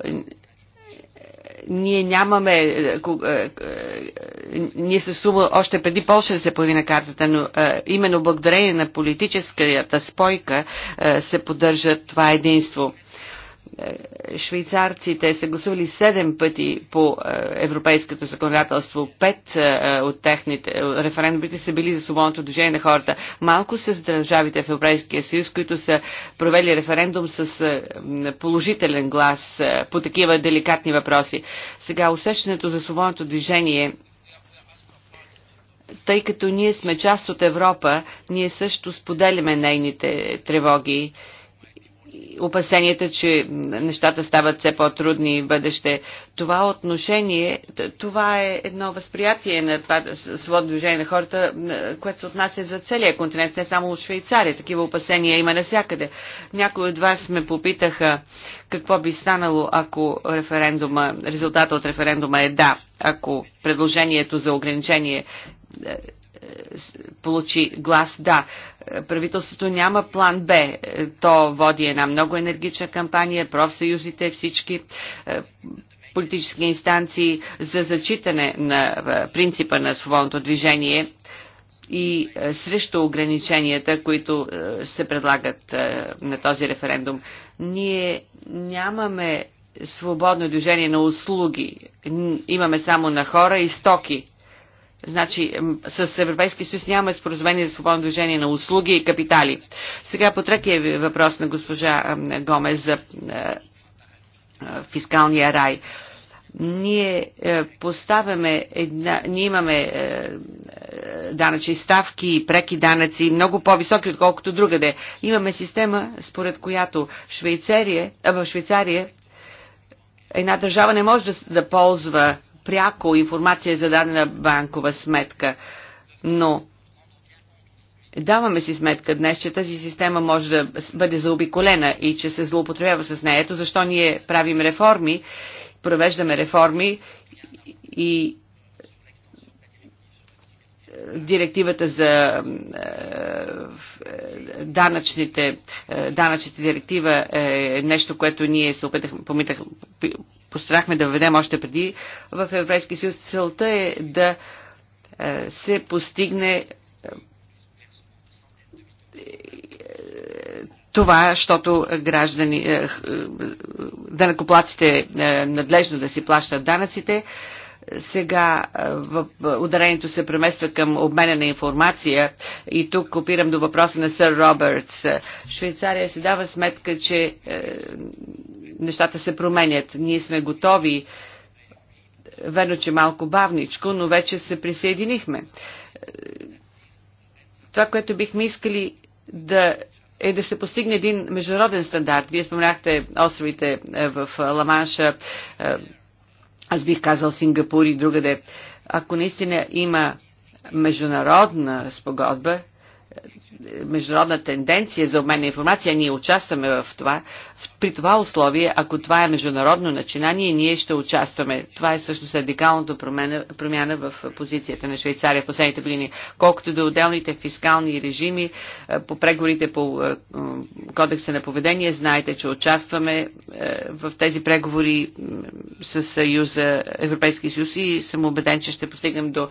ние нямаме, е, е, е, ние се сума още преди Польша да се появи на картата, но именно благодарение на политическата спойка се поддържа това единство. Е, швейцарците са гласували 7 пъти по е, европейското законодателство, Пет е, от техните референдумите са били за свободното движение на хората. Малко са държавите в Европейския съюз, които са провели референдум с положителен глас по такива деликатни въпроси. Сега усещането за свободното движение тъй като ние сме част от Европа, ние също споделяме нейните тревоги опасенията, че нещата стават все по-трудни в бъдеще. Това отношение, това е едно възприятие на свод движение на хората, което се отнася за целия континент, не само от Швейцария. Такива опасения има навсякъде. Някои от вас ме попитаха какво би станало, ако референдума, резултата от референдума е да, ако предложението за ограничение е, получи глас да. Правителството няма план Б. То води една много енергична кампания, профсъюзите, всички е, политически инстанции за зачитане на е, принципа на свободното движение и е, срещу ограниченията, които се предлагат на този референдум. Ние нямаме свободно движение на услуги. Имаме само на хора и стоки. Значи с Европейския съюз нямаме споразумение за свободно движение на услуги и капитали. Сега по третия въпрос на госпожа Гомес за фискалния рай. Ние е, поставяме една, ние имаме е, е, данъчни ставки, преки данъци, много по-високи, отколкото другаде. Имаме система, според която Швейцария, в Швейцария една държава не може да, да ползва пряко информация за дадена банкова сметка. Но Даваме си сметка днес, че тази система може да бъде заобиколена и че се злоупотребява с нея. Ето защо ние правим реформи, провеждаме реформи и директивата за е, е, данъчните, е, данъчните директива е нещо, което ние се опитахме, постарахме да введем още преди в Европейския съюз. Целта е да се постигне това, защото граждани, данъкоплатите надлежно да си плащат данъците, сега в ударението се премества към обмена на информация и тук копирам до въпроса на сър Робертс. Швейцария се дава сметка, че е, нещата се променят. Ние сме готови верно, че малко бавничко, но вече се присъединихме. Е, това, което бихме искали да е да се постигне един международен стандарт. Вие споменахте островите е, в Ламанша, аз бих казал Сингапур и другаде, ако наистина има международна спогодба, международна тенденция за обмен на информация, ние участваме в това, при това условие, ако това е международно начинание, ние ще участваме. Това е всъщност радикалната промяна, промяна в позицията на Швейцария в последните години. Колкото до отделните фискални режими, е, по преговорите по е, кодекса на поведение, знаете, че участваме е, в тези преговори с Съюза, Европейски съюз и съм убеден, че ще постигнем до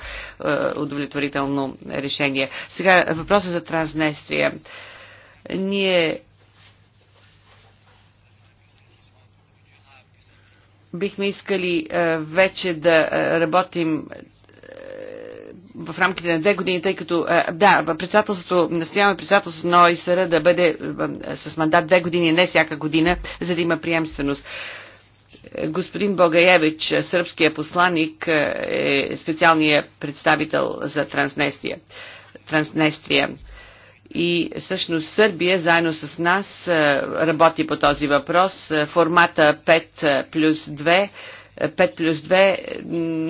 удовлетворително решение. Сега въпросът за Транснестрия. Ние Бихме искали е, вече да е, работим е, в рамките на две години, тъй като да, председателството, настояваме председателството на ОИСР да бъде с мандат две години, не всяка година, за да има приемственост. Господин Богаевич, сръбския посланник, е специалният представител за Транснестрия. Транснестрия и всъщност Сърбия заедно с нас е, работи по този въпрос. Е, формата 5 е, плюс 2 5 плюс 2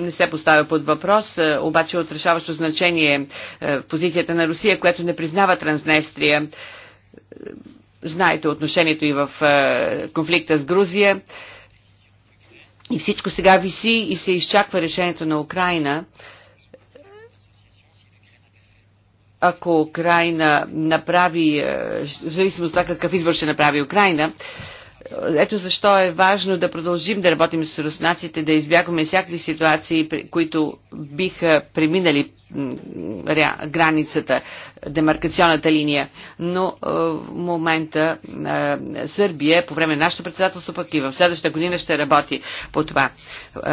не се поставя под въпрос, обаче от решаващо значение позицията на Русия, която не признава Транснестрия. Знаете отношението и в конфликта с Грузия. И всичко сега виси и се изчаква решението на Украина ако Украина направи, е, в зависимост от това какъв избор ще направи Украина, ето защо е важно да продължим да работим с руснаците, да избягваме всякакви ситуации, които биха преминали границата, демаркационната линия. Но е, в момента е, Сърбия, по време на нашето председателство, пък и в следващата година ще работи по това.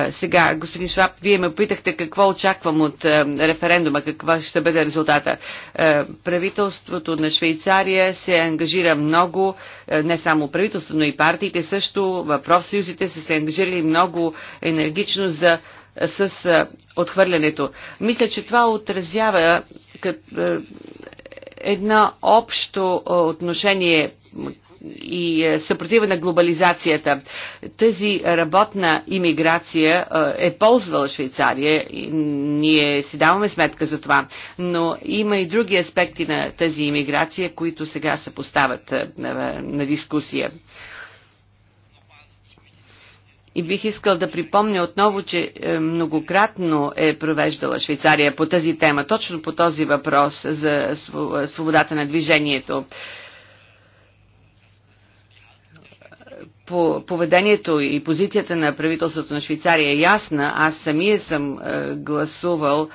Е, сега, господин Шваб, вие ме питахте какво очаквам от референдума, каква ще бъде резултата. Правителството на Швейцария се ангажира много, не само правителството, но и партия партиите също, профсъюзите са се ангажирали много енергично за, с отхвърлянето. Мисля, че това отразява кът, едно общо отношение и съпротива на глобализацията. Тази работна иммиграция е ползвала Швейцария. И ние си даваме сметка за това. Но има и други аспекти на тази иммиграция, които сега се поставят на дискусия. И бих искал да припомня отново, че е, многократно е провеждала Швейцария по тази тема, точно по този въпрос за свободата на движението. по поведението и позицията на правителството на Швейцария е ясна. Аз самия съм е, гласувал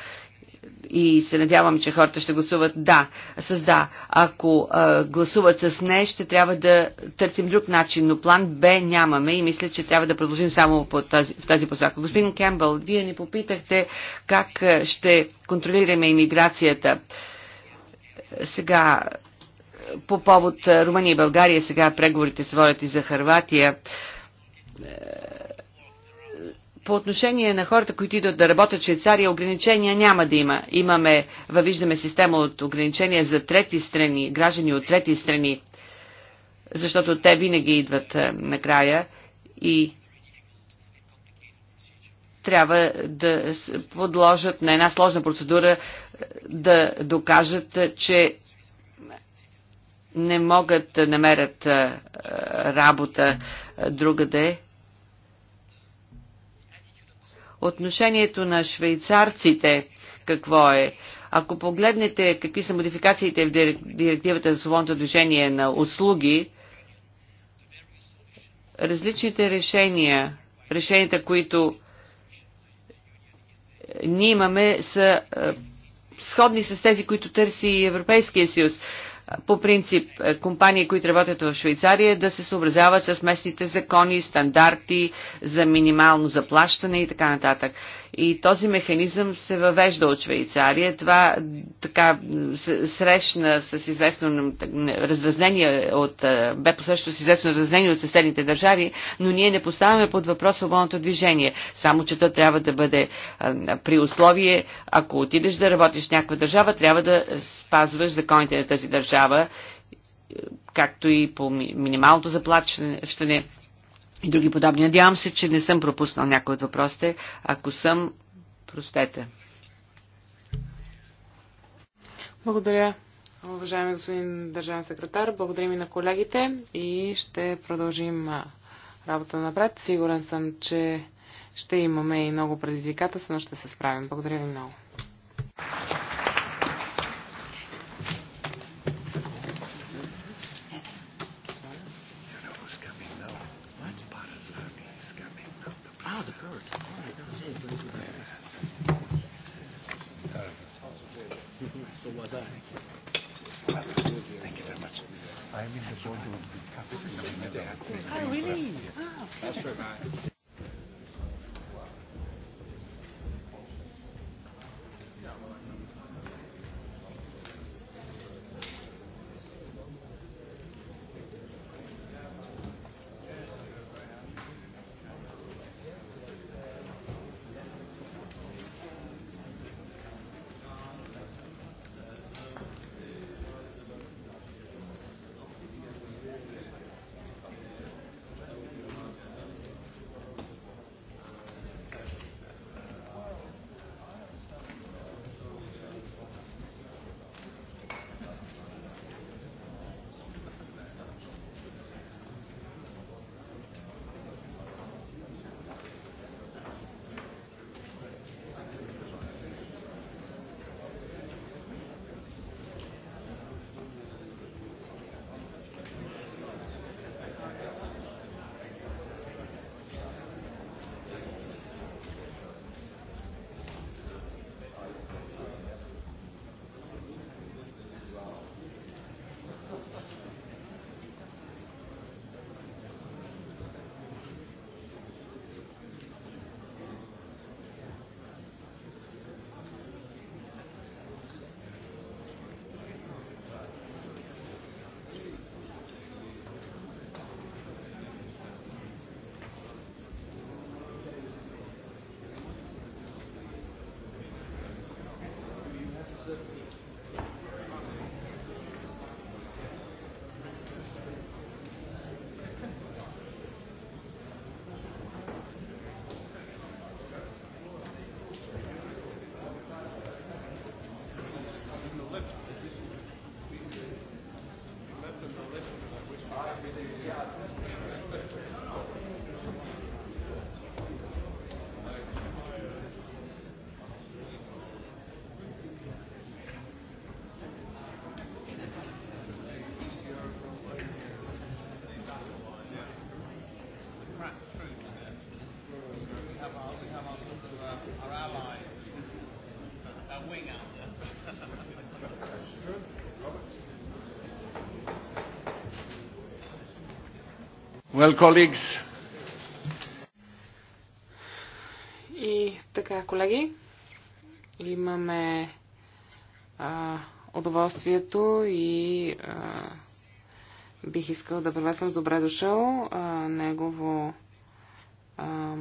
и се надявам, че хората ще гласуват да, с да. Ако а, гласуват с не, ще трябва да търсим друг начин, но план Б нямаме и мисля, че трябва да продължим само по тази, в тази посока. Господин Кембъл, вие ни попитахте как ще контролираме иммиграцията. Сега, по повод Румъния и България, сега преговорите се водят и за Харватия по отношение на хората, които идват да работят в Швейцария, ограничения няма да има. Имаме, въвиждаме система от ограничения за трети страни, граждани от трети страни, защото те винаги идват е, накрая и трябва да подложат на една сложна процедура е, да докажат, е, че не могат да намерят работа другаде. Да Отношението на швейцарците какво е? Ако погледнете какви са модификациите в директивата за свободното движение на услуги, различните решения, решенията, които ние имаме, са е, сходни с тези, които търси Европейския съюз по принцип е, компании, които работят в Швейцария, да се съобразяват с местните закони, стандарти за минимално заплащане и така нататък. И този механизъм се въвежда от Швейцария. Това така срещна с известно разразнение от, бе посрещано с известно разразнение от съседните държави, но ние не поставяме под въпрос свободното движение. Само, че то трябва да бъде при условие, ако отидеш да работиш в някаква държава, трябва да спазваш законите на тази държава, както и по минималното заплащане и други подобни. Надявам се, че не съм пропуснал някои от въпросите. Ако съм, простете.
Благодаря, уважаеми господин държавен секретар. Благодарим и на колегите и ще продължим работа напред. Сигурен съм, че ще имаме и много предизвикателства, но ще се справим. Благодаря ви много.
Well, colleagues.
И така, колеги, имаме а, удоволствието и а, бих искал да приветствам с добре дошъл а, негово а,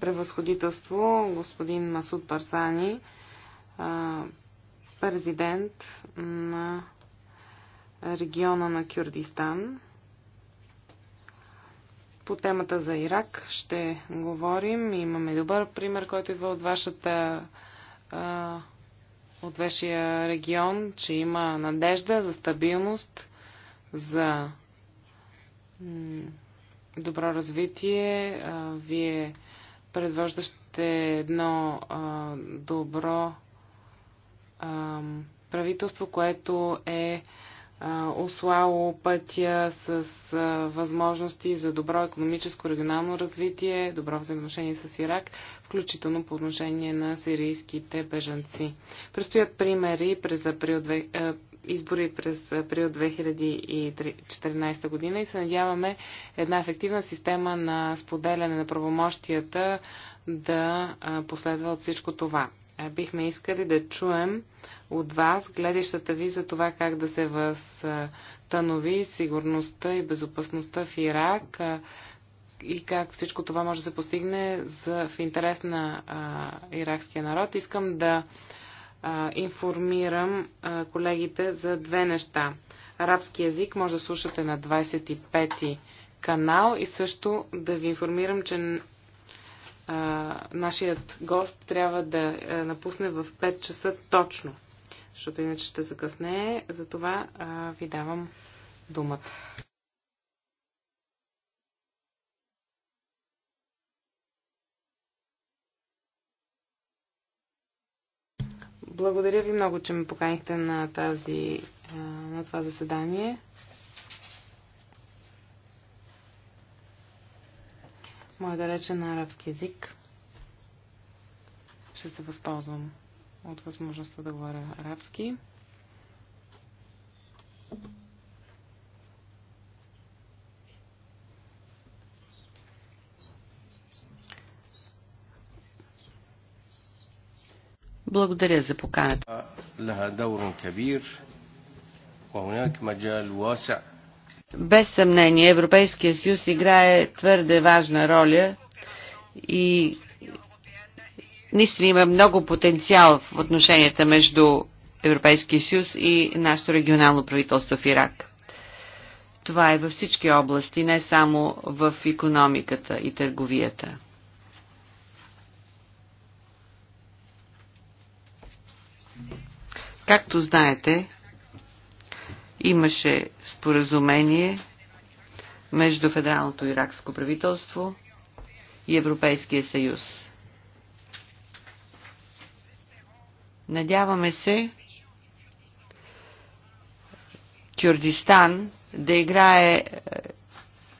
превъзходителство господин Масуд Барзани, а, президент на региона на Кюрдистан. По темата за Ирак ще говорим. Имаме добър пример, който идва от вашата от вашия регион, че има надежда за стабилност, за добро развитие. Вие предвождащите едно добро правителство, което е Ослало пътя с възможности за добро економическо регионално развитие, добро взаимоотношение с Ирак, включително по отношение на сирийските бежанци. Престоят примери през април, избори през април 2014 година и се надяваме една ефективна система на споделяне на правомощията да последва от всичко това. Е, бихме искали да чуем от вас гледащата ви за това как да се възстанови сигурността и безопасността в Ирак е, и как всичко това може да се постигне за, в интерес на а, иракския народ. Искам да а, информирам а, колегите за две неща. Арабски язик може да слушате на 25 ти канал и също да ви информирам, че а, нашият гост трябва да а, напусне в 5 часа точно, защото иначе ще закъснее. Затова а, ви давам думата. Благодаря ви много, че ме поканихте на, тази, на това заседание. моя далечен арабски език. Ще се възползвам от възможността да говоря арабски.
Благодаря за поканата. Без съмнение Европейския съюз играе твърде важна роля и наистина има много потенциал в отношенията между Европейския съюз и нашето регионално правителство в Ирак. Това е във всички области, не само в економиката и търговията. Както знаете, Имаше споразумение между Федералното иракско правителство и Европейския съюз. Надяваме се Кюрдистан да играе е,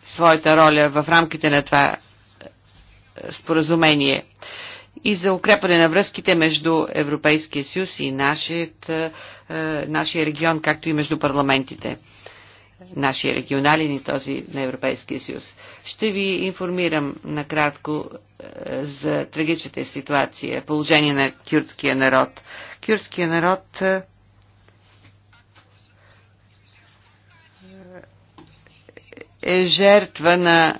своята роля в рамките на това е, споразумение и за укрепване на връзките между Европейския съюз и нашият, е, нашия регион, както и между парламентите нашия регионален и този на Европейския съюз. Ще ви информирам накратко е, за трагичната ситуация, положение на кюрдския народ. Кюрдския народ е, е жертва на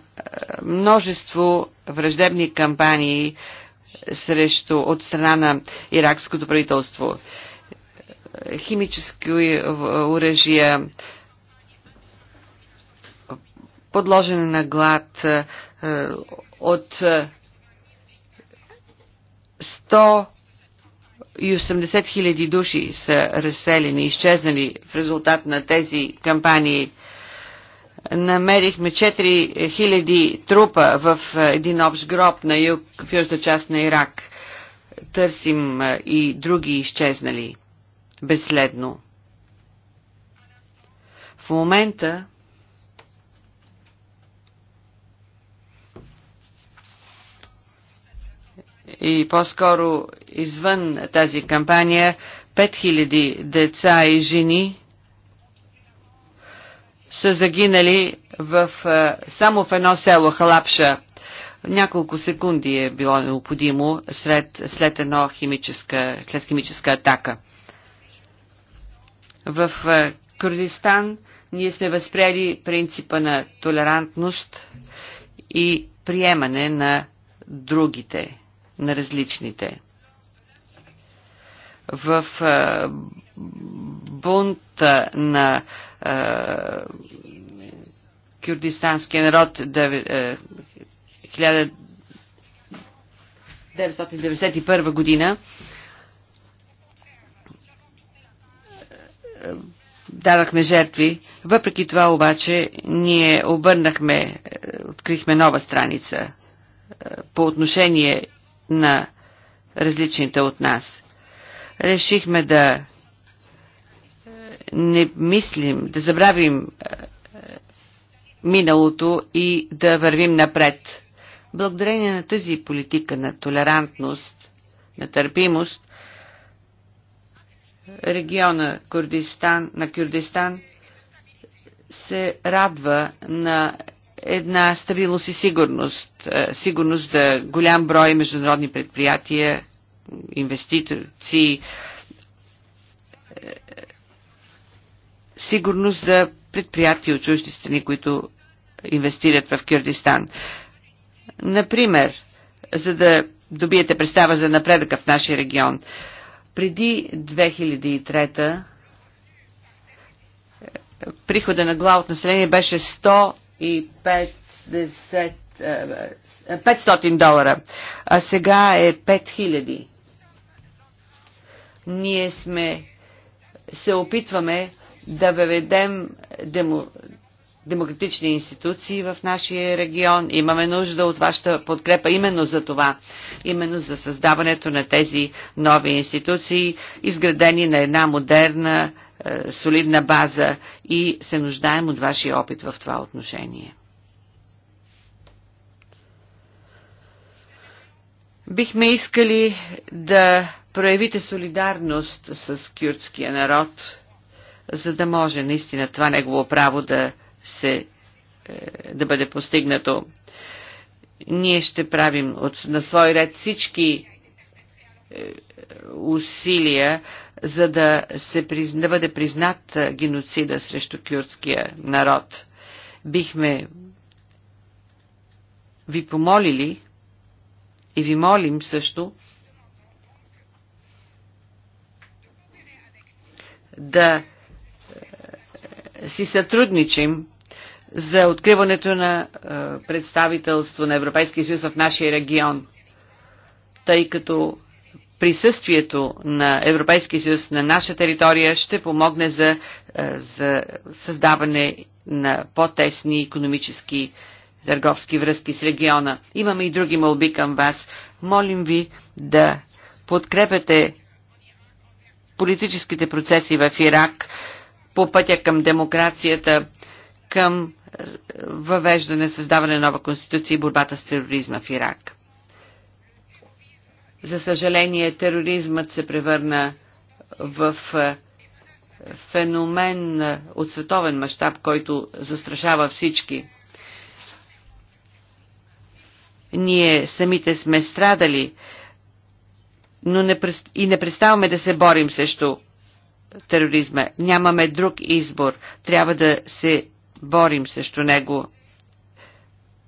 множество враждебни кампании, срещу, от страна на иракското правителство. Химически оръжия, подложене на глад е, от 180 хиляди души са разселени, изчезнали в резултат на тези кампании – намерихме 4000 трупа в е, един общ гроб на юг, в южната част на Ирак. Търсим е, и други изчезнали безследно. В момента и по-скоро извън тази кампания 5000 деца и жени са загинали в, само в едно село Халапша. Няколко секунди е било необходимо след, след едно химическа, след химическа атака. В Курдистан ние сме възприели принципа на толерантност и приемане на другите, на различните. В бунта на кюрдистанския народ 1991 година дадахме жертви. Въпреки това обаче ние обърнахме, открихме нова страница по отношение на различните от нас. Решихме да не мислим, да забравим е, е, миналото и да вървим напред. Благодарение на тази политика на толерантност, на търпимост, региона Курдистан, на Кюрдистан се радва на една стабилност и сигурност. Е, сигурност за голям брой международни предприятия, инвестиции, сигурност за предприятия от чужди страни, които инвестират в Кюрдистан. Например, за да добиете представа за напредъка в нашия регион, преди 2003 е, прихода на глава от население беше 150 500 е, долара, а сега е 5000. Ние сме, се опитваме да въведем демо, демократични институции в нашия регион. Имаме нужда от вашата подкрепа именно за това, именно за създаването на тези нови институции, изградени на една модерна, е, солидна база и се нуждаем от вашия опит в това отношение. Бихме искали да проявите солидарност с кюртския народ за да може наистина това негово право да, се, е, да бъде постигнато. Ние ще правим от, на свой ред всички е, усилия, за да, се, да бъде признат геноцида срещу кюртския народ. Бихме ви помолили и ви молим също да си сътрудничим за откриването на е, представителство на Европейския съюз в нашия регион, тъй като присъствието на Европейския съюз на наша територия ще помогне за, е, за създаване на по-тесни економически търговски връзки с региона. Имаме и други молби към вас. Молим ви да подкрепете политическите процеси в Ирак, по пътя към демокрацията, към въвеждане, създаване на нова конституция и борбата с тероризма в Ирак. За съжаление, тероризмът се превърна в е, феномен от световен мащаб, който застрашава всички. Ние самите сме страдали но не, и не преставаме да се борим срещу тероризма. Нямаме друг избор. Трябва да се борим срещу него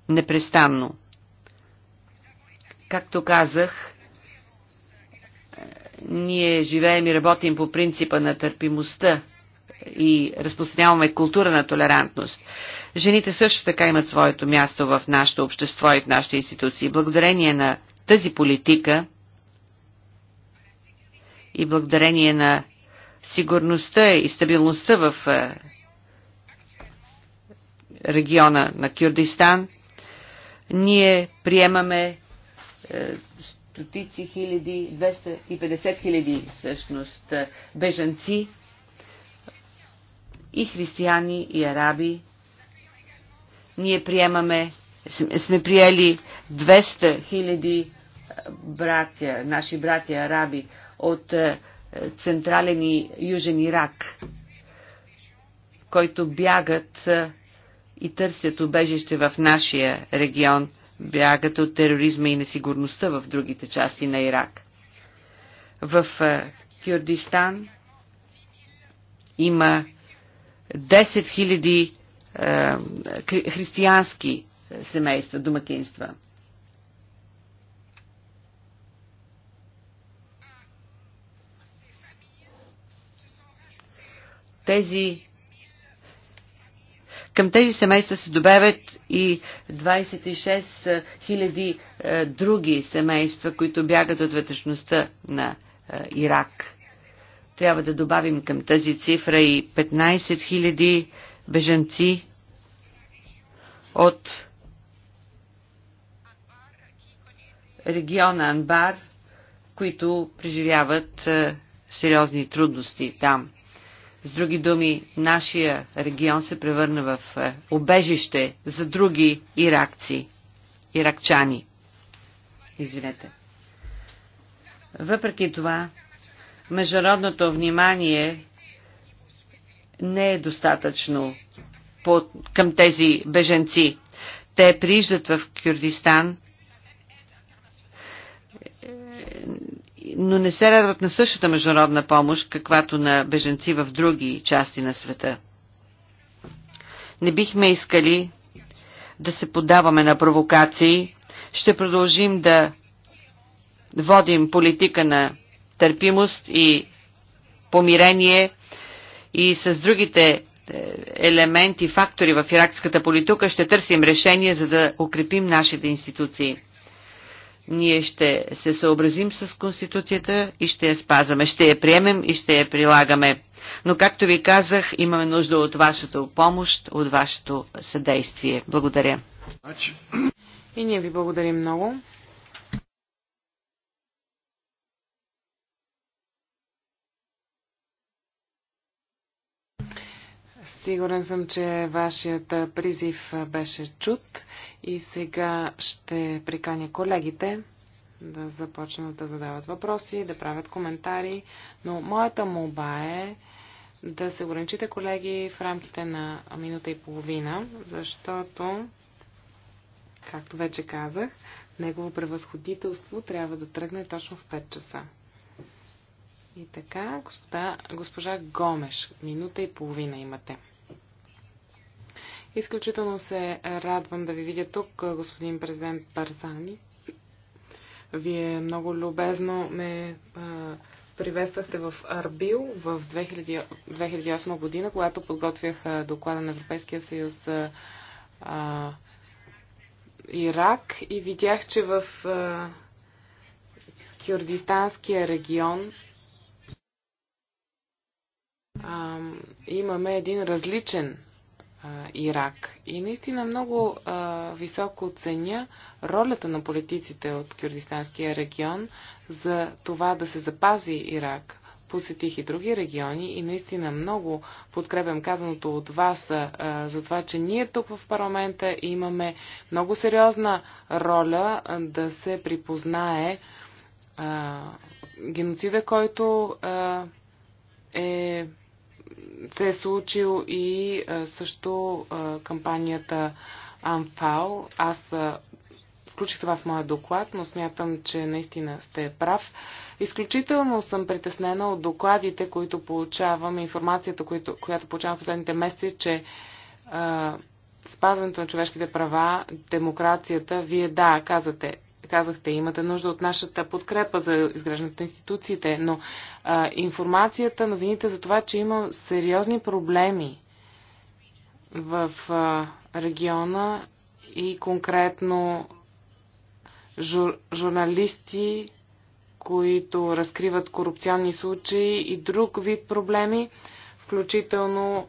непрестанно. Както казах, ние живеем и работим по принципа на търпимостта и разпространяваме култура на толерантност. Жените също така имат своето място в нашето общество и в нашите институции. Благодарение на тази политика и благодарение на сигурността и стабилността в е, региона на Кюрдистан, ние приемаме е, стотици хиляди, 250 хиляди всъщност е, бежанци и християни и араби. Ние приемаме, сме приели 200 хиляди братя, наши братя араби от Централен и Южен Ирак, който бягат и търсят убежище в нашия регион, бягат от тероризма и несигурността в другите части на Ирак. В Кюрдистан има 10 000 християнски семейства, домакинства – Тези към тези семейства се добавят и 26 000 е, други семейства, които бягат от вътрешността на е, Ирак. Трябва да добавим към тази цифра и 15 000 бежанци от региона Анбар, които преживяват е, сериозни трудности там. С други думи, нашия регион се превърна в обежище е, за други иракци, иракчани. Извинете. Въпреки това, международното внимание не е достатъчно по, към тези беженци. Те прииждат в Кюрдистан но не се радват на същата международна помощ, каквато на беженци в други части на света. Не бихме искали да се поддаваме на провокации, ще продължим да водим политика на търпимост и помирение и с другите е, елементи, фактори в иракската политика ще търсим решение, за да укрепим нашите институции. Ние ще се съобразим с Конституцията и ще я спазваме. Ще я приемем и ще я прилагаме. Но, както ви казах, имаме нужда от вашата помощ, от вашето съдействие. Благодаря.
И ние ви благодарим много. Сигурен съм, че вашият призив беше чут и сега ще приканя колегите да започнат да задават въпроси, да правят коментари, но моята молба е да се ограничите, колеги, в рамките на минута и половина, защото, както вече казах, негово превъзходителство трябва да тръгне точно в 5 часа. И така, господа, госпожа Гомеш, минута и половина имате. Изключително се радвам да ви видя тук, господин президент Барзани. Вие много любезно ме а, приветствахте в Арбил в 2000, 2008 година, когато подготвях а, доклада на Европейския съюз а, а, Ирак и видях, че в а, Кюрдистанския регион а, имаме един различен Ирак. И наистина много а, високо оценя ролята на политиците от Кюрдистанския регион за това да се запази Ирак. Посетих и други региони и наистина много подкрепям казаното от вас а, за това, че ние тук в парламента имаме много сериозна роля а, да се припознае а, геноцида, който а, е се е случил и също кампанията Амфал. Аз включих това в моя доклад, но смятам, че наистина сте прав. Изключително съм притеснена от докладите, които получавам, информацията, които, която получавам в последните месеци, че а, спазването на човешките права, демокрацията, вие да, казвате, казахте, имате нужда от нашата подкрепа за изграждането на институциите, но а, информацията, новините за това, че има сериозни проблеми в а, региона и конкретно жур, журналисти, които разкриват корупционни случаи и друг вид проблеми, включително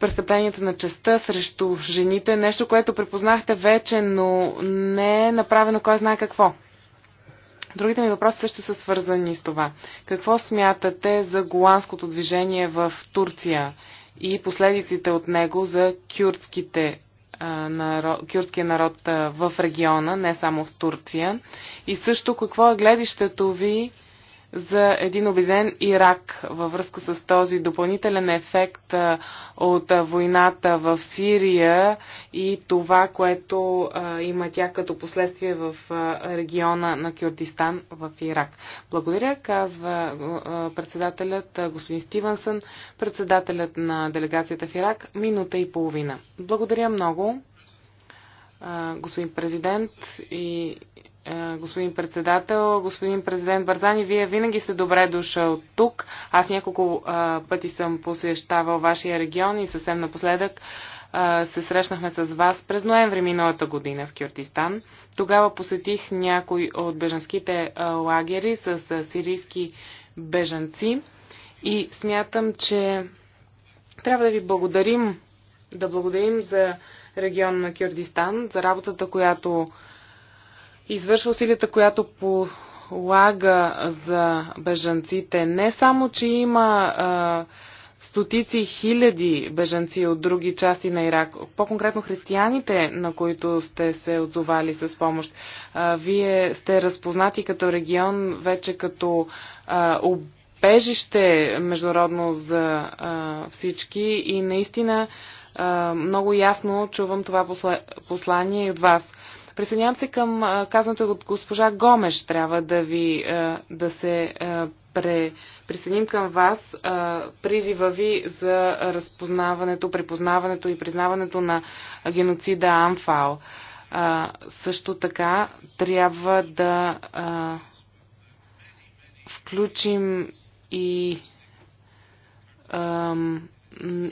престъпленията на честа срещу жените, нещо, което препознахте вече, но не е направено кой знае какво. Другите ми въпроси също са свързани с това. Какво смятате за голандското движение в Турция и последиците от него за кюрдските народ, кюрдския народ в региона, не само в Турция. И също какво е гледището ви за един обеден Ирак във връзка с този допълнителен ефект от войната в Сирия и това, което има тя като последствие в региона на Кюрдистан в Ирак. Благодаря, казва председателят господин Стивенсън, председателят на делегацията в Ирак, минута и половина. Благодаря много, господин президент и е, господин председател. Господин президент Барзани, вие винаги сте добре дошъл тук. Аз няколко а, пъти съм посещавал вашия регион и съвсем напоследък а, се срещнахме с вас през ноември миналата година в Кюртистан. Тогава посетих някой от бежанските а, лагери с а, сирийски бежанци и смятам, че трябва да ви благодарим, да благодарим за регион на Кюрдистан, за работата, която извършва усилията, която лага за бежанците. Не само, че има а, стотици хиляди бежанци от други части на Ирак, по-конкретно християните, на които сте се отзовали с помощ. А, вие сте разпознати като регион вече като а, обежище международно за а, всички и наистина а, много ясно чувам това посла... послание и от вас. Присъединявам се към казаното от госпожа Гомеш. Трябва да ви да се пре, присъединим към вас призива ви за разпознаването, препознаването и признаването на геноцида Амфал. също така трябва да включим и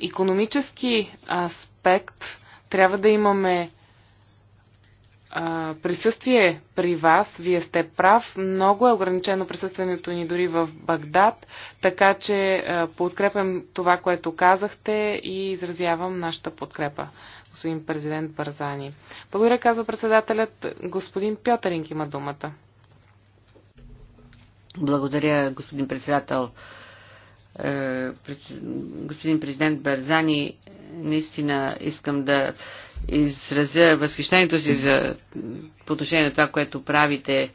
економически аспект. Трябва да имаме а, присъствие при вас. Вие сте прав. Много е ограничено присъствието ни дори в Багдад, така че а, подкрепям това, което казахте и изразявам нашата подкрепа, господин президент Барзани. Благодаря, казва председателят. Господин Пьотеринг има думата.
Благодаря, господин председател. Е, господин президент Барзани, наистина искам да изразя възхищението си за, по отношение на това, което правите.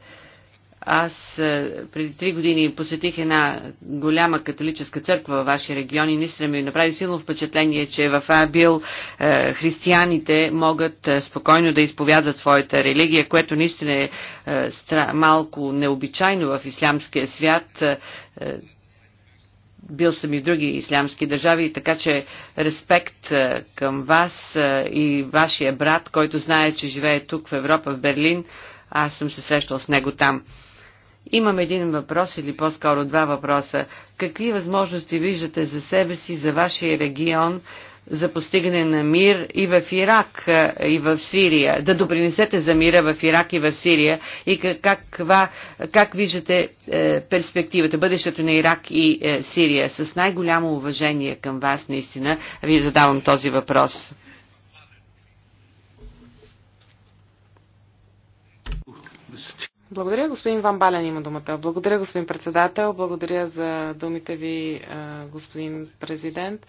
Аз е, преди три години посетих една голяма католическа църква във вашия регион и наистина ми направи силно впечатление, че в Абил е, християните могат е, спокойно да изповядат своята религия, което наистина е, малко необичайно в ислямския свят бил съм и в други ислямски държави, така че респект е, към вас е, и вашия брат, който знае, че живее тук в Европа, в Берлин. Аз съм се срещал с него там. Имам един въпрос или по-скоро два въпроса. Какви възможности виждате за себе си, за вашия регион за постигане на мир и в Ирак, и в Сирия, да допринесете за мира в Ирак и в Сирия и каква, как виждате е, перспективата, бъдещето на Ирак и е, Сирия. С най-голямо уважение към вас, наистина, ви задавам този въпрос.
Благодаря, господин Ван Бален има думата. Благодаря, господин председател. Благодаря за думите ви, е, господин президент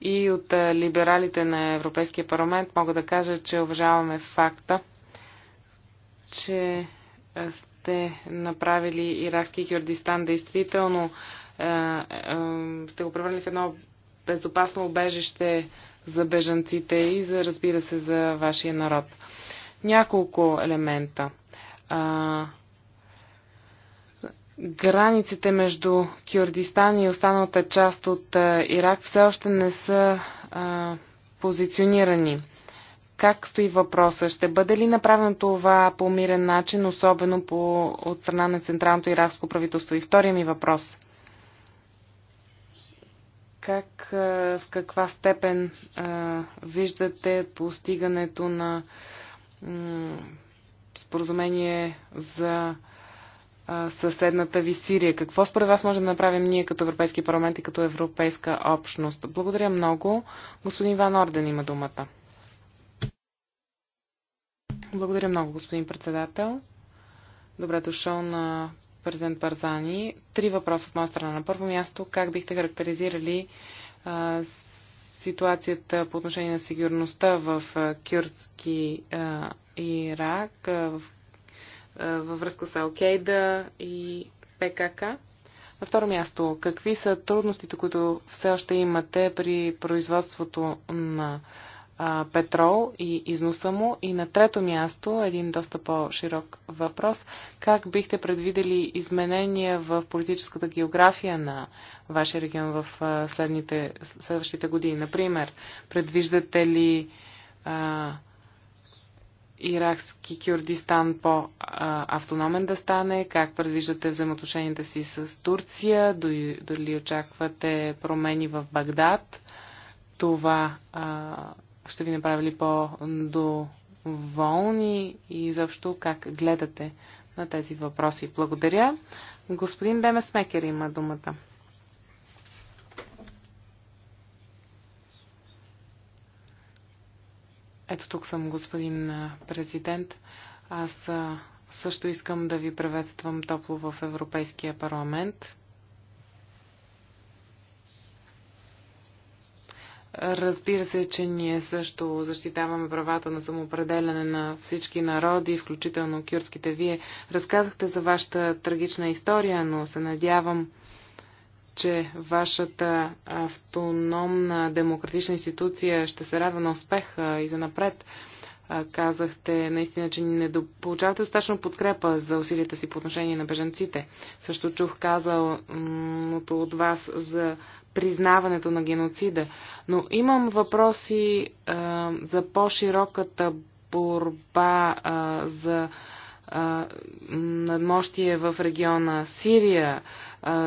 и от либералите на Европейския парламент мога да кажа, че уважаваме факта, че сте направили Иракски и Кюрдистан действително сте го превърнали в едно безопасно убежище за бежанците и за, разбира се, за вашия народ. Няколко елемента границите между Кюрдистан и останалата част от Ирак все още не са а, позиционирани. Как стои въпроса? Ще бъде ли направено това по мирен начин, особено по, от страна на Централното иракско правителство? И втория ми въпрос. Как, в каква степен а, виждате постигането на м, споразумение за а, съседната ви Сирия. Какво според вас можем да направим ние като Европейски парламент и като Европейска общност? Благодаря много. Господин Ван Орден има думата. Благодаря много, господин председател. Добре дошъл на президент Барзани. Три въпроса от моя страна. На първо място, как бихте характеризирали а, ситуацията по отношение на сигурността в Кюртски а, Ирак, а, в във връзка с Алкейда и ПКК. На второ място, какви са трудностите, които все още имате при производството на а, петрол и износа му? И на трето място, един доста по-широк въпрос, как бихте предвидели изменения в политическата география на вашия регион в следните, следващите години? Например, предвиждате ли а, иракски Кюрдистан по-автономен да стане? Как предвиждате взаимоотношенията си с Турция? Дали очаквате промени в Багдад? Това а, ще ви направи ли по-доволни и защо как гледате на тези въпроси? Благодаря. Господин Демес Мекер има думата. Ето тук съм, господин президент. Аз също искам да ви приветствам топло в Европейския парламент. Разбира се, че ние също защитаваме правата на самоопределяне на всички народи, включително кюрските. Вие разказахте за вашата трагична история, но се надявам, че вашата автономна демократична институция ще се радва на успех и за напред. Казахте наистина, че не получавате достатъчно подкрепа за усилията си по отношение на бежанците. Също чух казалното от вас за признаването на геноцида. Но имам въпроси а, за по-широката борба а, за надмощие в региона Сирия,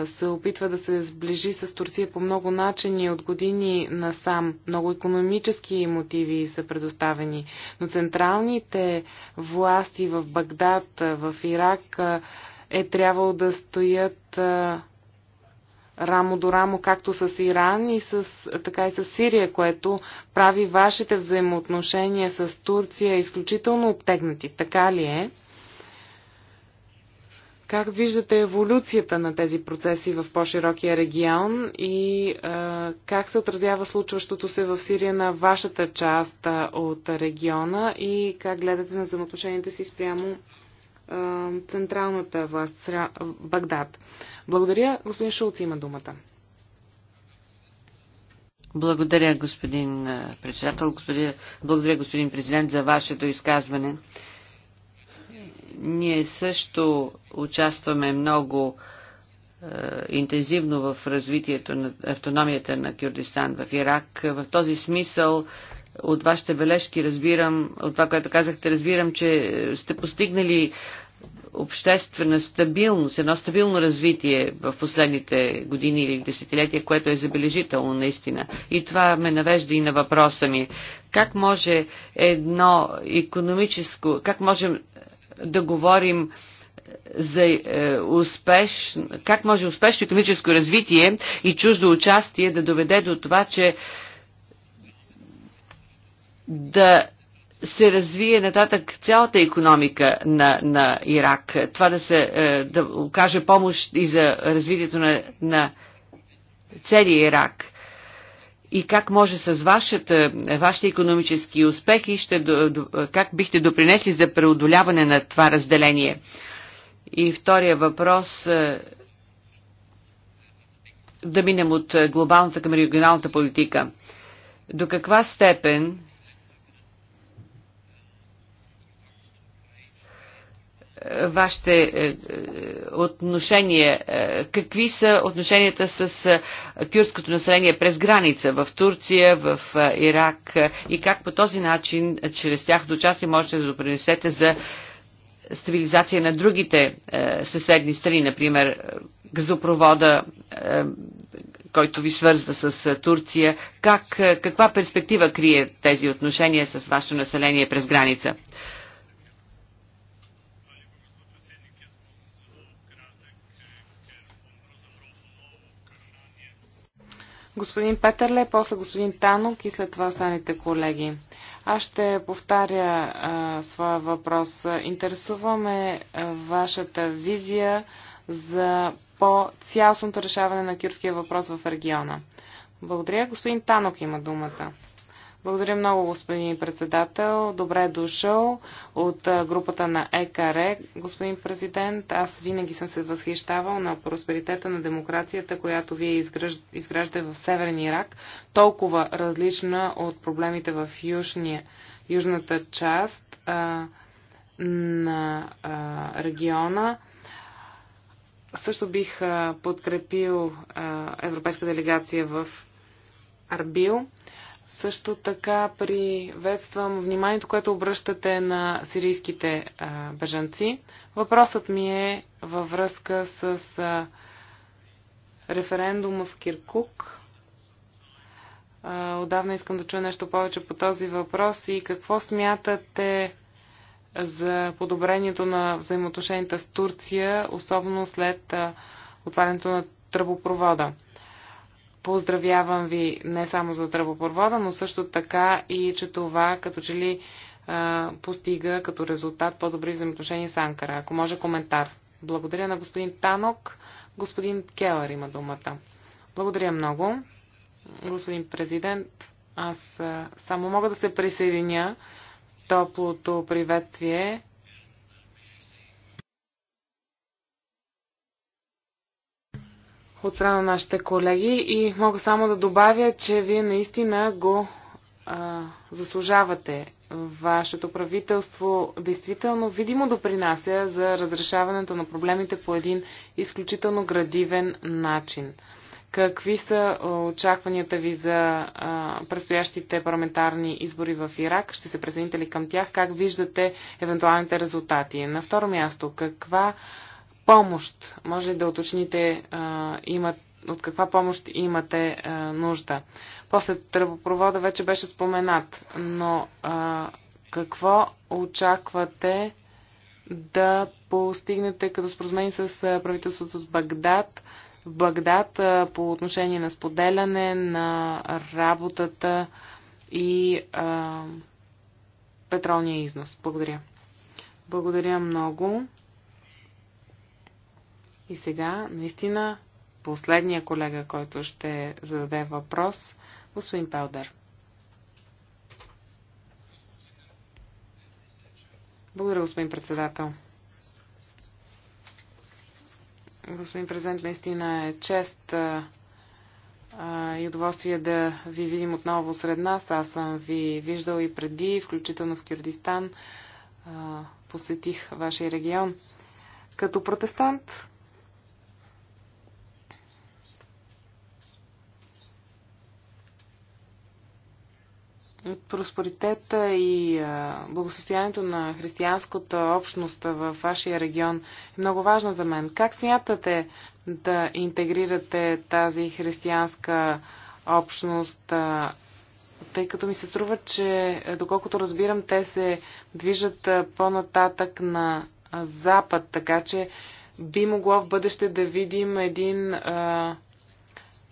се опитва да се сближи с Турция по много начини от години насам. Много економически мотиви са предоставени. Но централните власти в Багдад, в Ирак е трябвало да стоят рамо до рамо, както с Иран и с, така и с Сирия, което прави вашите взаимоотношения с Турция изключително обтегнати. Така ли е? Как виждате еволюцията на тези процеси в по-широкия регион и а, как се отразява случващото се в Сирия на вашата част а, от региона и как гледате на взаимоотношенията си спрямо а, централната власт, сря, Багдад? Благодаря. Господин Шулц има думата.
Благодаря, господин председател. Благодаря, господин президент, за вашето изказване. Ние също участваме много е, интензивно в развитието на автономията на Кюрдистан в Ирак. В този смисъл от вашите бележки разбирам, от това, което казахте, разбирам, че сте постигнали обществена стабилност, едно стабилно развитие в последните години или десетилетия, което е забележително наистина. И това ме навежда и на въпроса ми. Как може едно економическо, как може да говорим е, за е, успеш, как може успешно економическо развитие и чуждо участие да доведе до това, че да се развие нататък цялата економика на, на Ирак. Това да се е, да окаже помощ и за развитието на, на целия Ирак и как може с вашата, вашите економически успехи, ще, как бихте допринесли за преодоляване на това разделение? И втория въпрос е, да минем от глобалната към регионалната политика. До каква степен вашите е, е, отношения, е, какви са отношенията с кюрското население през граница в Турция, в Ирак и как по този начин, чрез тяхното участие, можете да допринесете за стабилизация на другите съседни страни, например газопровода, който ви свързва с Турция. Как, каква перспектива крие тези отношения с вашето население през граница?
господин Петърле, после господин Танок и след това останите колеги. Аз ще повтаря а, своя въпрос. Интересуваме а, вашата визия за по-цялостното решаване на кюрския въпрос в региона. Благодаря. Господин Танок има думата. Благодаря много, господин председател. Добре е дошъл от групата на ЕКР. Господин президент, аз винаги съм се възхищавал на просперитета на демокрацията, която вие изграждате в Северен Ирак, толкова различна от проблемите в южния, южната част а, на а, региона също бих подкрепил европейска делегация в Арбил. Също така приветствам вниманието, което обръщате на сирийските а, бежанци. Въпросът ми е във връзка с а, референдума в Киркук. А, отдавна искам да чуя нещо повече по този въпрос и какво смятате за подобрението на взаимоотношенията с Турция, особено след а, отварянето на тръбопровода. Поздравявам ви не само за тръбопровода, но също така и, че това като че ли а, постига като резултат по-добри взаимоотношения с Анкара. Ако може коментар. Благодаря на господин Танок. Господин Келър има думата. Благодаря много. Господин президент, аз само мога да се присъединя топлото приветствие от страна на нашите колеги и мога само да добавя, че вие наистина го а, заслужавате. Вашето правителство действително видимо допринася за разрешаването на проблемите по един изключително градивен начин. Какви са очакванията ви за а, предстоящите парламентарни избори в Ирак? Ще се презените ли към тях? Как виждате евентуалните резултати? На второ място, каква помощ? Може ли да уточните а, имат, от каква помощ имате а, нужда? После тръбопровода вече беше споменат, но а, какво очаквате да постигнете като споразумение с правителството с Багдад? В Багдад а, по отношение на споделяне на работата и а, петролния износ. Благодаря. Благодаря много. И сега, наистина, последния колега, който ще зададе въпрос, господин Пелдер. Благодаря, господин председател. Господин президент, наистина е чест а, и удоволствие да ви видим отново сред нас. Аз съм ви виждал и преди, включително в Кюрдистан. А, посетих вашия регион. Като протестант Проспоритета и благосостоянието на християнската общност в вашия регион е много важна за мен. Как смятате да интегрирате тази християнска общност? Тъй като ми се струва, че доколкото разбирам, те се движат по-нататък на запад, така че би могло в бъдеще да видим един а,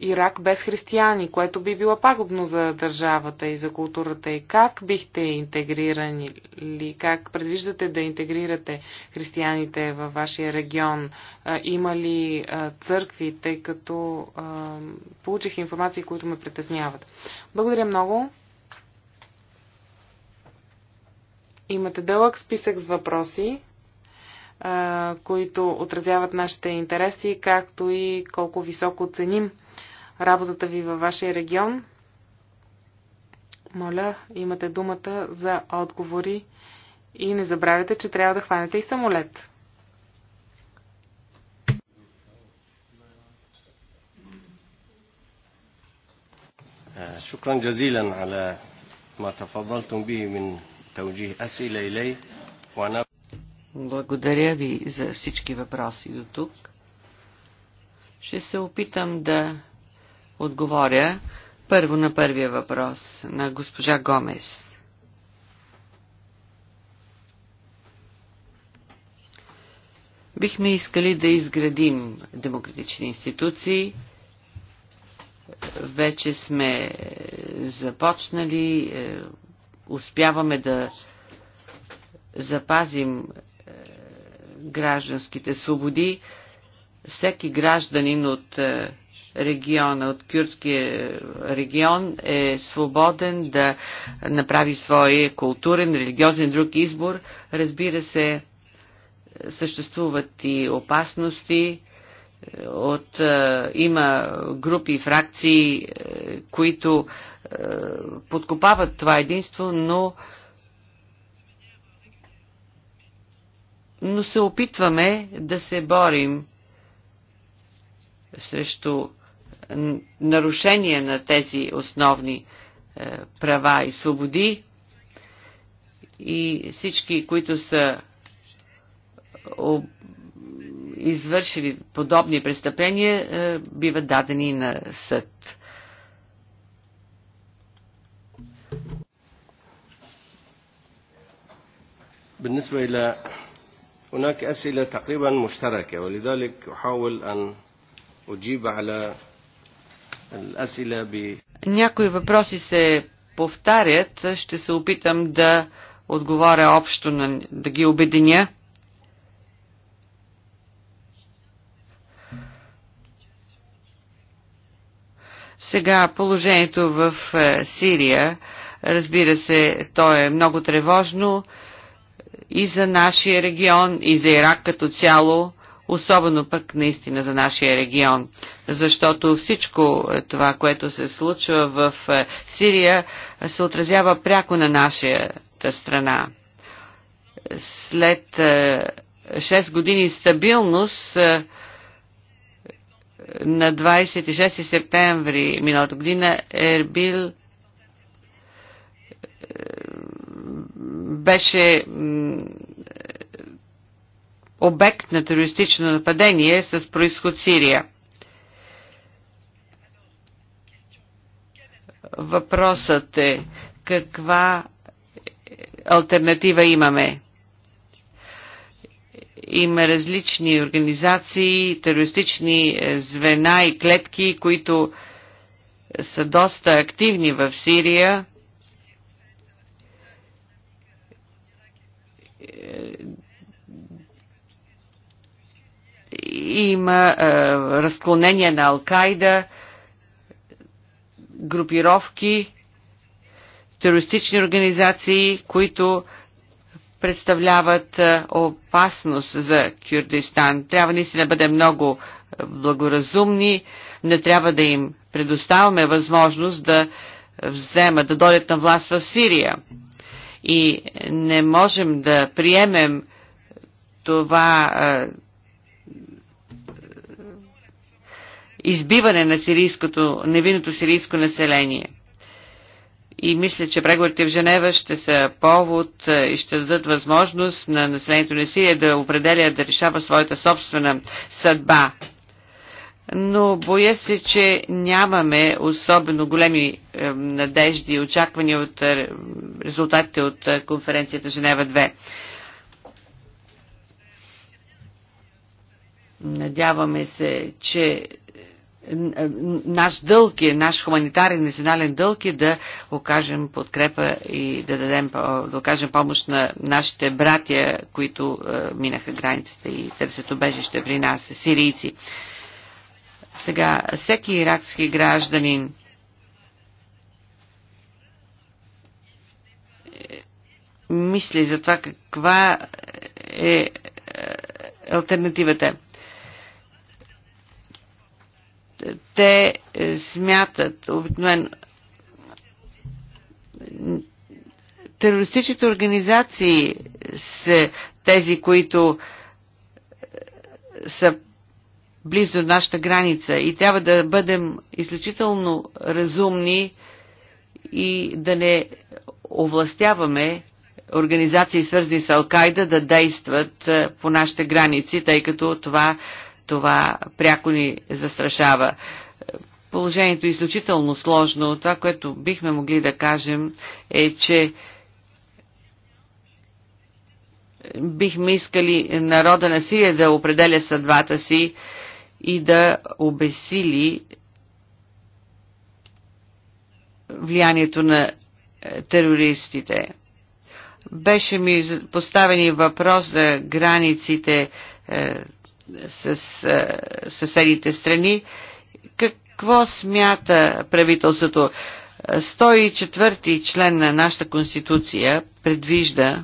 Ирак без християни, което би било пагубно за държавата и за културата. И как бихте интегрирани или как предвиждате да интегрирате християните във вашия регион? Има ли църкви, тъй като получих информации, които ме притесняват? Благодаря много. Имате дълъг списък с въпроси които отразяват нашите интереси, както и колко високо ценим работата ви във вашия регион. Моля, имате думата за отговори и не забравяйте, че трябва да хванете и самолет.
شكرا جزيلا على ما تفضلتم
به من توجيه أسئلة إلي وأنا Благодаря ви за всички въпроси до тук. Ще се опитам да отговоря първо на първия въпрос на госпожа Гомес. Бихме искали да изградим демократични институции. Вече сме започнали, е, успяваме да запазим е, гражданските свободи. Всеки гражданин от е, региона, от кюртския регион е свободен да направи свой културен, религиозен друг избор. Разбира се, съществуват и опасности, от, е, има групи, фракции, е, които е, подкопават това единство, но, но се опитваме да се борим срещу нарушение на тези основни е, права и свободи и всички, които са извършили подобни престъпления, е, биват дадени на съд.
بالنسبة إلى هناك أسئلة تقريبا مشتركة ولذلك أحاول أن أجيب على
някои въпроси се повтарят. Ще се опитам да отговоря общо, на, да ги обединя. Сега положението в е, Сирия, разбира се, то е много тревожно и за нашия регион, и за Ирак като цяло особено пък наистина за нашия регион, защото всичко е, това, което се случва в е, Сирия, се отразява пряко на нашата страна. След 6 е, години стабилност на 26 септември миналата година Ербил беше обект на терористично нападение с происход Сирия. Въпросът е каква альтернатива имаме. Има различни организации, терористични е, звена и клетки, които са доста активни в Сирия. Има е, разклонение на Алкайда, групировки, терористични организации, които представляват е, опасност за Кюрдистан. Трябва наистина да бъдем много е, благоразумни, не трябва да им предоставяме възможност да вземат, да дойдат на власт в Сирия. И не можем да приемем това е, избиване на сирийското, невинното сирийско население. И мисля, че преговорите в Женева ще са повод е, и ще дадат възможност на населението на Сирия да определя, да решава своята собствена съдба. Но боя се, че нямаме особено големи е, надежди и очаквания от е, резултатите от конференцията Женева 2. Надяваме се, че наш дълг е, наш хуманитарен национален дълг е да окажем подкрепа и да дадем, да окажем помощ на нашите братия, които минаха границата и търсят обежище при нас, сирийци. Сега, всеки иракски гражданин е, мисли за това каква е, е альтернативата те е, смятат обикновено терористичните организации са тези, които е, са близо нашата граница и трябва да бъдем изключително разумни и да не овластяваме организации, свързани с Алкайда, да действат е, по нашите граници, тъй като това това пряко ни застрашава. Положението е изключително сложно. Това, което бихме могли да кажем е, че бихме искали народа на Сирия да определя съдвата си и да обесили влиянието на терористите. Беше ми поставени въпрос за границите е, с съседните страни. Какво смята правителството? 104 член на нашата конституция предвижда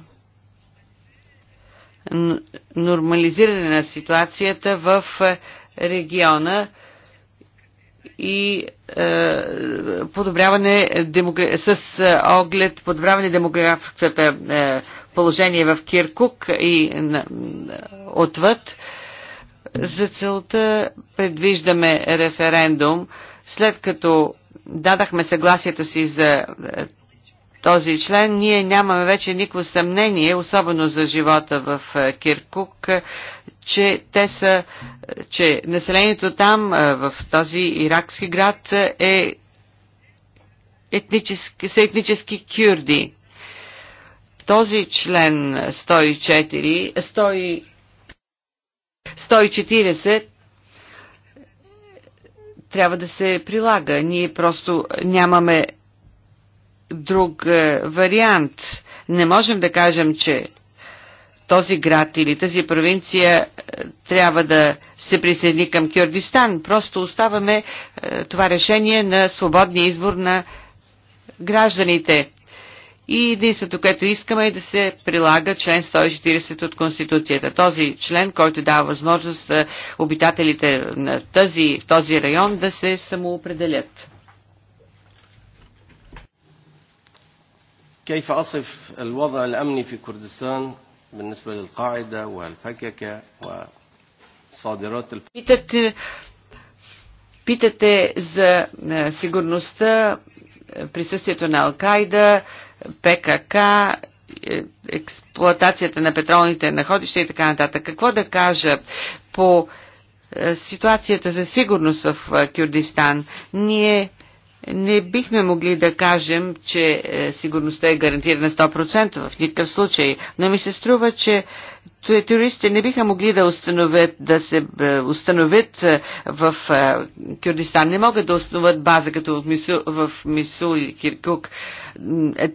нормализиране на ситуацията в региона и е, подобряване демогра... с оглед подобряване демографската е, положение в Киркук и на, отвъд. Е, за целта предвиждаме референдум, след като дадахме съгласието си за е, този член, ние нямаме вече никакво съмнение, особено за живота в е, Киркук, че те са, че населението там, е, в този иракски град е етнически, са етнически кюрди. Този член 104, 140 трябва да се прилага. Ние просто нямаме друг е, вариант. Не можем да кажем, че този град или тази провинция е, трябва да се присъедини към Кюрдистан. Просто оставаме е, това решение на свободния избор на гражданите и единството, което искаме е да се прилага член 140 от Конституцията. Този член, който дава възможност е, обитателите на тази, в този район да се самоопределят.
كيف أصف الوضع الأمني في كردستان بالنسبة للقاعدة والفككة
وصادرات الفككة е, Питате за е, сигурността, присъствието на Алкайда, ПКК, е, експлоатацията на петролните находища и така нататък. Какво да кажа по е, ситуацията за сигурност в е, Кюрдистан? Ние не бихме могли да кажем, че е, сигурността е гарантирана 100% в никакъв случай, но ми се струва, че туристите не биха могли да установят, да се е, установят е, в Кюрдистан. Не могат да основат база като в Мисул, в Мисул или Киркук.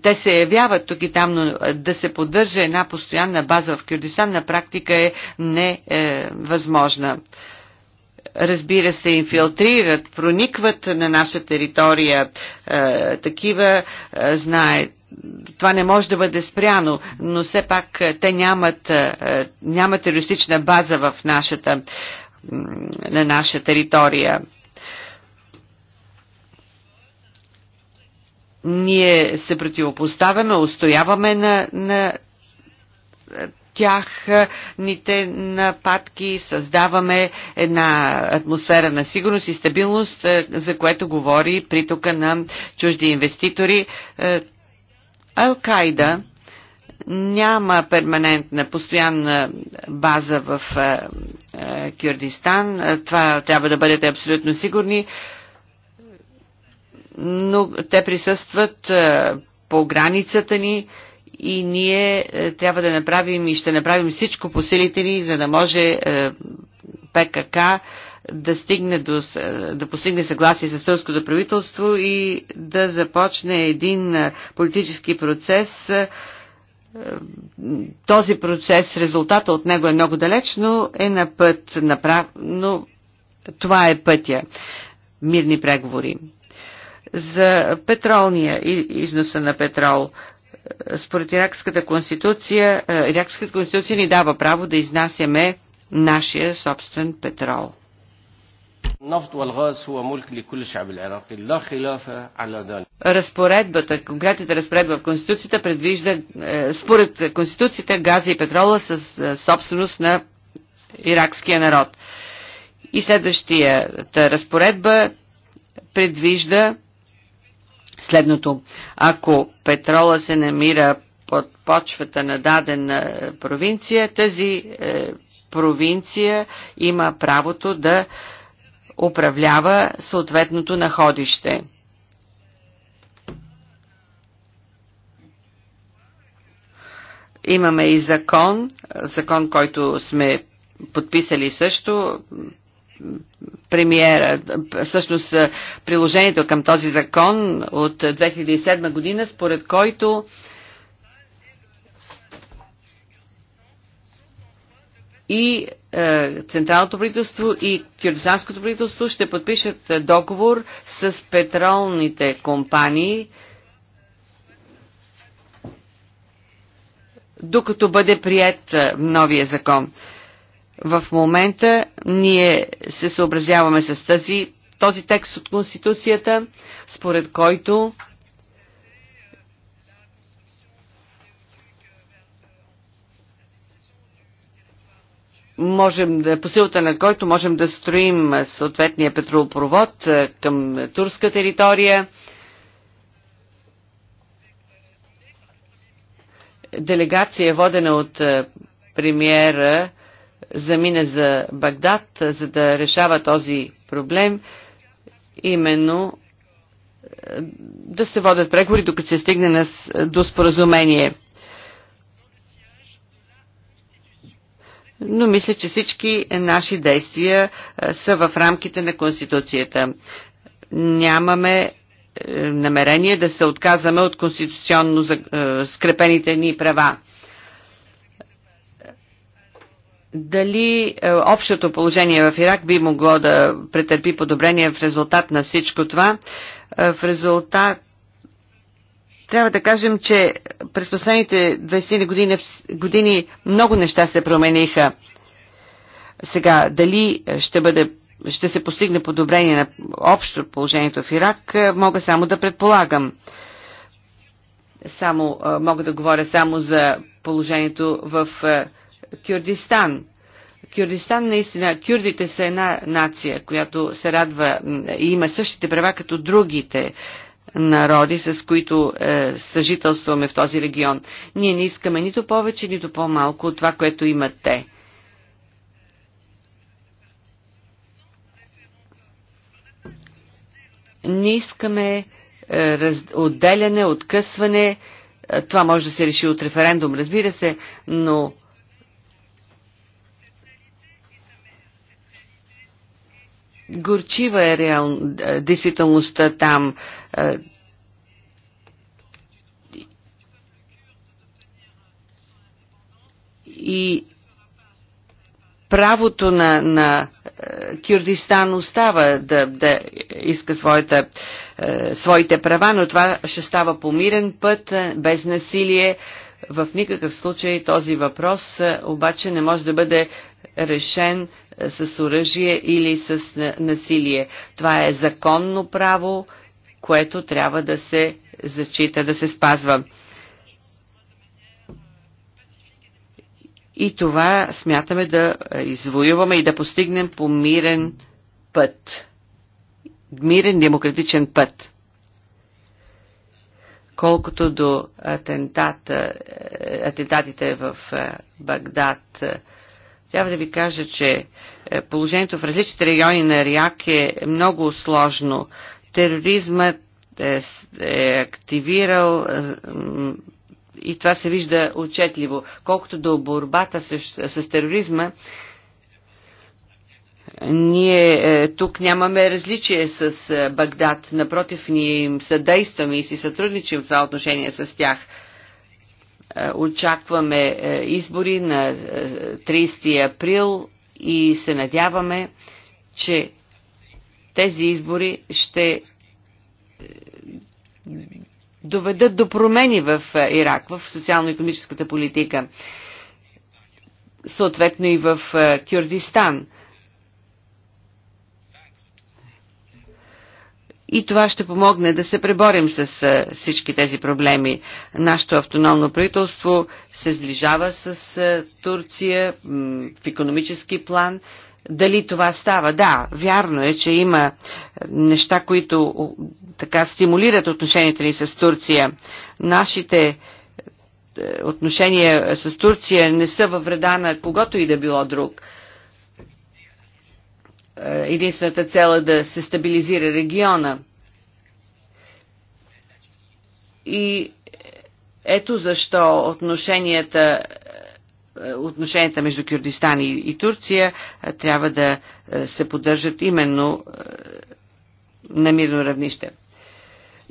Те се явяват тук и там, но да се поддържа една постоянна база в Кюрдистан на практика е невъзможна. Е, разбира се, инфилтрират, проникват на наша територия е, такива, е, това не може да бъде спряно, но все пак е, те нямат, е, е нямат терористична база в нашата, на наша територия. Ние се противопоставяме, устояваме на, на е, тяхните нападки, създаваме една атмосфера на сигурност и стабилност, е, за което говори притока на чужди инвеститори. Е, Ал-Кайда няма перманентна, постоянна база в е, Кюрдистан. Това трябва да бъдете абсолютно сигурни. Но те присъстват по границата ни и ние е, трябва да направим и ще направим всичко по силите ни, за да може е, ПКК да, стигне до, е, да постигне съгласие с сърското правителство и да започне един политически процес. Този процес, резултата от него е много далеч, но е на път, направ... но това е пътя. Мирни преговори. За петролния, износа на петрол, според иракската конституция, е, иракската конституция ни дава право да изнасяме нашия собствен петрол. Разпоредбата, конкретната разпоредба в Конституцията предвижда, е, според Конституцията, газа и петрола са е, собственост на иракския народ. И следващията разпоредба предвижда следното. Ако петрола се намира под почвата на дадена е, провинция, тази е, провинция има правото да управлява съответното находище. Имаме и закон, закон, който сме подписали също, премиера, всъщност е, приложението към този закон от 2007 година, според който и е, Централното правителство и Кюрдистанското правителство ще подпишат е, договор с петролните компании, докато бъде прият новия закон. В момента ние се съобразяваме с тази, този текст от Конституцията, според който можем да, по силата на който можем да строим съответния петролопровод към турска територия. Делегация, водена от премиера замине за Багдад, за да решава този проблем, именно е, да се водят преговори, докато се стигне е, до споразумение. Но мисля, че всички наши действия е, са в рамките на Конституцията. Нямаме намерение да се отказваме от конституционно скрепените ни права дали е, общото положение в Ирак би могло да претърпи подобрение в резултат на всичко това? Е, в резултат трябва да кажем, че през последните 20 години, години много неща се промениха. Сега, дали ще, бъде, ще се постигне подобрение на общо положението в Ирак, е, мога само да предполагам. Само, мога да говоря само за положението в Кюрдистан. Кюрдистан наистина, кюрдите са една нация, която се радва и има същите права като другите народи, с които е, съжителстваме в този регион. Ние не искаме нито повече, нито по-малко от това, което имат те. Не искаме е, раз, отделяне, откъсване. Е, това може да се реши от референдум, разбира се, но горчива е реал, действителността там. И правото на, на Кюрдистан остава да, да иска своята, своите права, но това ще става по мирен път, без насилие в никакъв случай този въпрос е, обаче не може да бъде решен е, с оръжие или с насилие. Това е законно право, което трябва да се зачита, да се спазва. И това смятаме да е, извоюваме и да постигнем по мирен път. Мирен демократичен път. Колкото до атентата, е, атентатите в е, Багдад, е, трябва да ви кажа, че положението в различните райони на Ирак е много сложно. Тероризмът е, е активирал и това се вижда отчетливо. Колкото до борбата с, с тероризма, ние е, тук нямаме различие с е, Багдад, напротив, ние им съдействаме и си сътрудничим в това отношение с тях. Е, очакваме избори на 30 април и се надяваме, че тези избори ще доведат до промени в Ирак, в социално-економическата политика, съответно и в Кюрдистан – и това ще помогне да се преборим с всички тези проблеми. Нашето автономно правителство се сближава с Турция в економически план. Дали това става? Да, вярно е, че има неща, които така стимулират отношенията ни с Турция. Нашите е, отношения с Турция не са във вреда на когото и да било друг. Е, единствената цел е да се стабилизира региона. И ето защо отношенията, е, отношенията между Кюрдистан и, и Турция е, трябва да се поддържат именно на мирно равнище.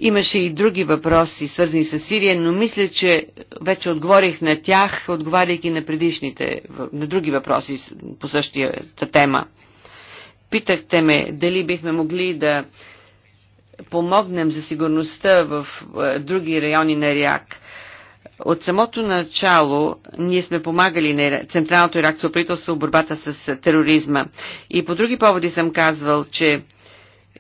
Имаше и други въпроси, свързани с Сирия, но мисля, че вече отговорих на тях, отговаряйки на предишните, на други въпроси по същата тема. Питахте ме дали бихме могли да помогнем за сигурността в е, други райони на Ирак. От самото начало ние сме помагали на Централното иракско правителство в борбата с е, тероризма. И по други поводи съм казвал, че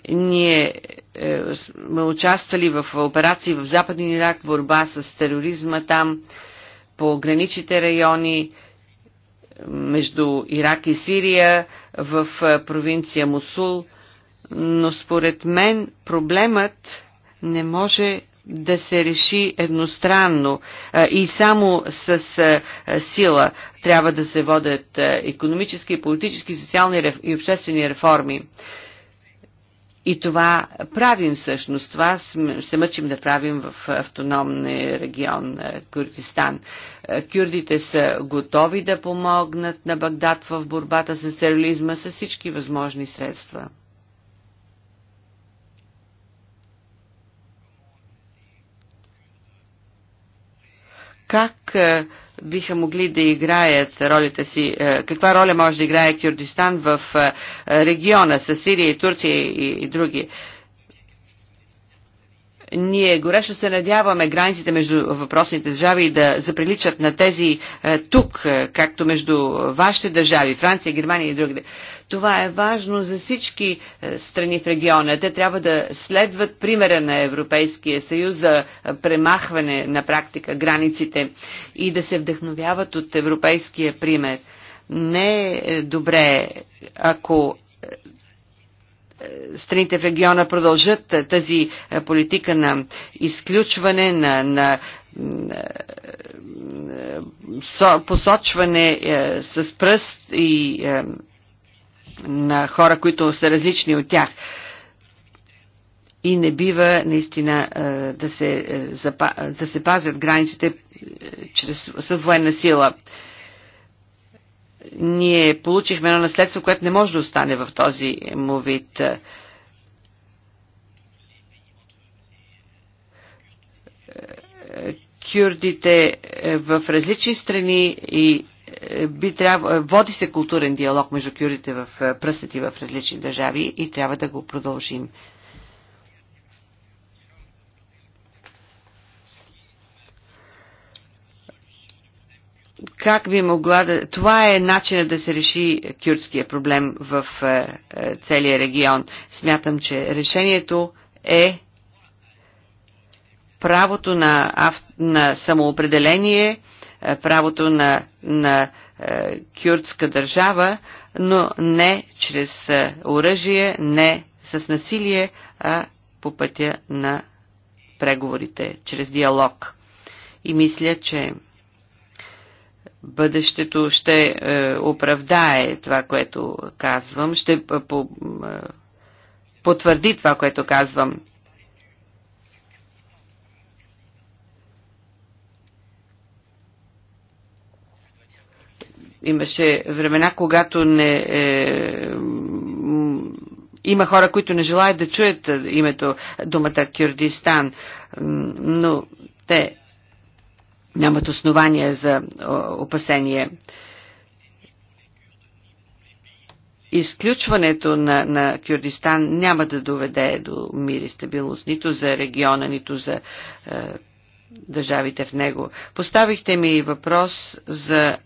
ние е, сме участвали в операции в Западния Ирак, борба с тероризма там, по граничните райони, между Ирак и Сирия в провинция Мусул, но според мен проблемът не може да се реши едностранно и само с сила трябва да се водят економически, политически, социални и обществени реформи. И това правим всъщност, това се мъчим да правим в автономния регион е, Курдистан. Е, кюрдите са готови да помогнат на Багдад в борбата с тероризма с всички възможни средства. Как е, биха могли да играят ролята си, е, каква роля може да играе Кюрдистан в е, региона с Сирия и Турция и, и други. Ние горещо се надяваме границите между въпросните държави да заприличат на тези е, тук, както между вашите държави, Франция, Германия и другите. Това е важно за всички е, страни в региона. Те трябва да следват примера на Европейския съюз за е, премахване на практика границите и да се вдъхновяват от европейския пример. Не е, е добре, ако страните в региона продължат тази политика на изключване, на, на, на посочване с пръст и на хора, които са различни от тях. И не бива наистина е, да се, е, да се пазят границите е, чрез, с военна сила. Ние получихме едно наследство, което не може да остане в този му вид. Кюрдите в различни страни и е, би трябва, е, води се културен диалог между кюрите в е, пръстите в различни държави и трябва да го продължим. Как би могла да... Това е начинът да се реши кюртския проблем в целия регион. Смятам, че решението е правото на, ав... на самоопределение е, правото на, на е, кюрдска държава, но не чрез е, оръжие, не с насилие, а по пътя на преговорите, чрез диалог. И мисля, че бъдещето ще е, оправдае това, което казвам, ще по, е, потвърди това, което казвам. Имаше времена, когато не. Е, има хора, които не желаят да чуят е, името, думата Кюрдистан, но те нямат основания за опасение. Изключването на, на Кюрдистан няма да доведе до мир и стабилност нито за региона, нито за е, държавите в него. Поставихте ми въпрос за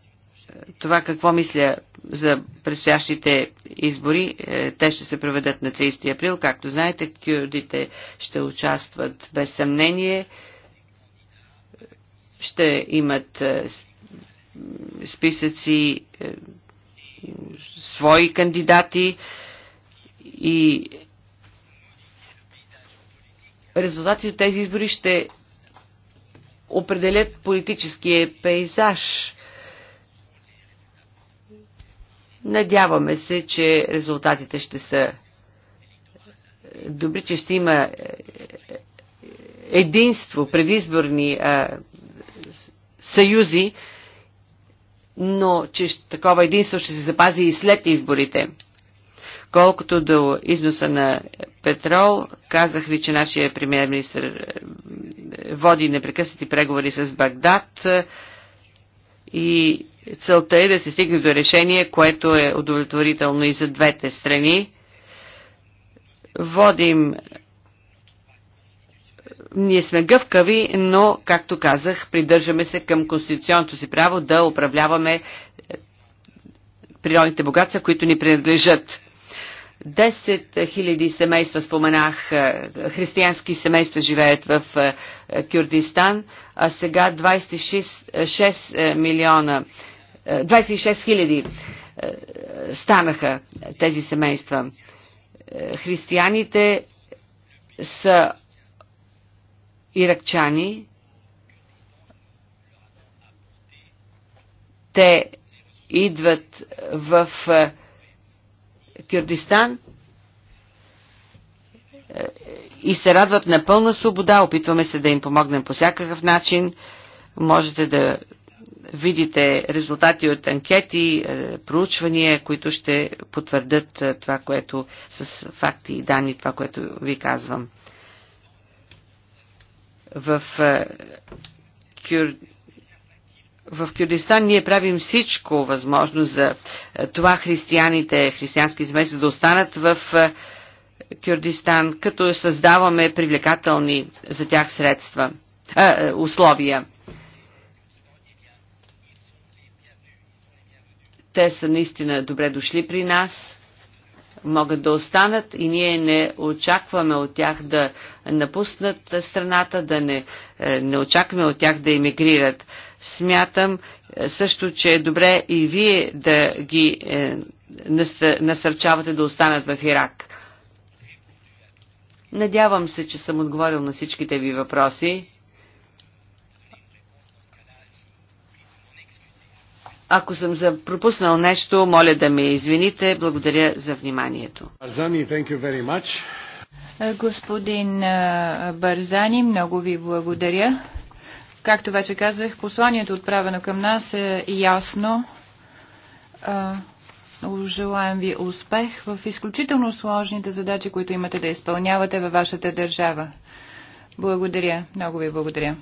това какво мисля за предстоящите избори. Е, те ще се проведат на 30 април. Както знаете, кюрдите ще участват без съмнение. Ще имат е, списъци е, свои кандидати и резултатите от тези избори ще определят политическия пейзаж Надяваме се, че резултатите ще са добри, че ще има единство, предизборни а, съюзи, но че такова единство ще се запази и след изборите. Колкото до износа на петрол, казах ви, че нашия премьер-министр е, води непрекъснати преговори с Багдад е, и Целта е да се стигне до решение, което е удовлетворително и за двете страни. Водим ние сме гъвкави, но, както казах, придържаме се към конституционното си право да управляваме природните богатства, които ни принадлежат. 10 000 семейства, споменах, е, християнски семейства живеят в е, Кюрдистан, а сега 26 е, милиона 26 хиляди е, станаха тези семейства. Е, християните са иракчани. Те идват в е, Кюрдистан и се радват на пълна свобода. Опитваме се да им помогнем по всякакъв начин. Можете да видите резултати от анкети, е, проучвания, които ще потвърдят е, това, което с факти и данни, това, което ви казвам. В, е, в Кюрдистан ние правим всичко възможно за това християните, християнски смеси да останат в Кюрдистан, като създаваме привлекателни за тях средства, а, условия Те са наистина добре дошли при нас, могат да останат и ние не очакваме от тях да напуснат страната, да не, е, не очакваме от тях да емигрират. Смятам е, също, че е добре и вие да ги е, насърчавате да останат в Ирак. Надявам се, че съм отговорил на всичките ви въпроси. Ако съм пропуснал нещо, моля да ме извините. Благодаря за вниманието.
Е, господин Барзани, е, много ви благодаря. Както вече казах, посланието отправено към нас е ясно. Е, желаем ви успех в изключително сложните задачи, които имате да изпълнявате във вашата държава. Благодаря. Много ви благодаря.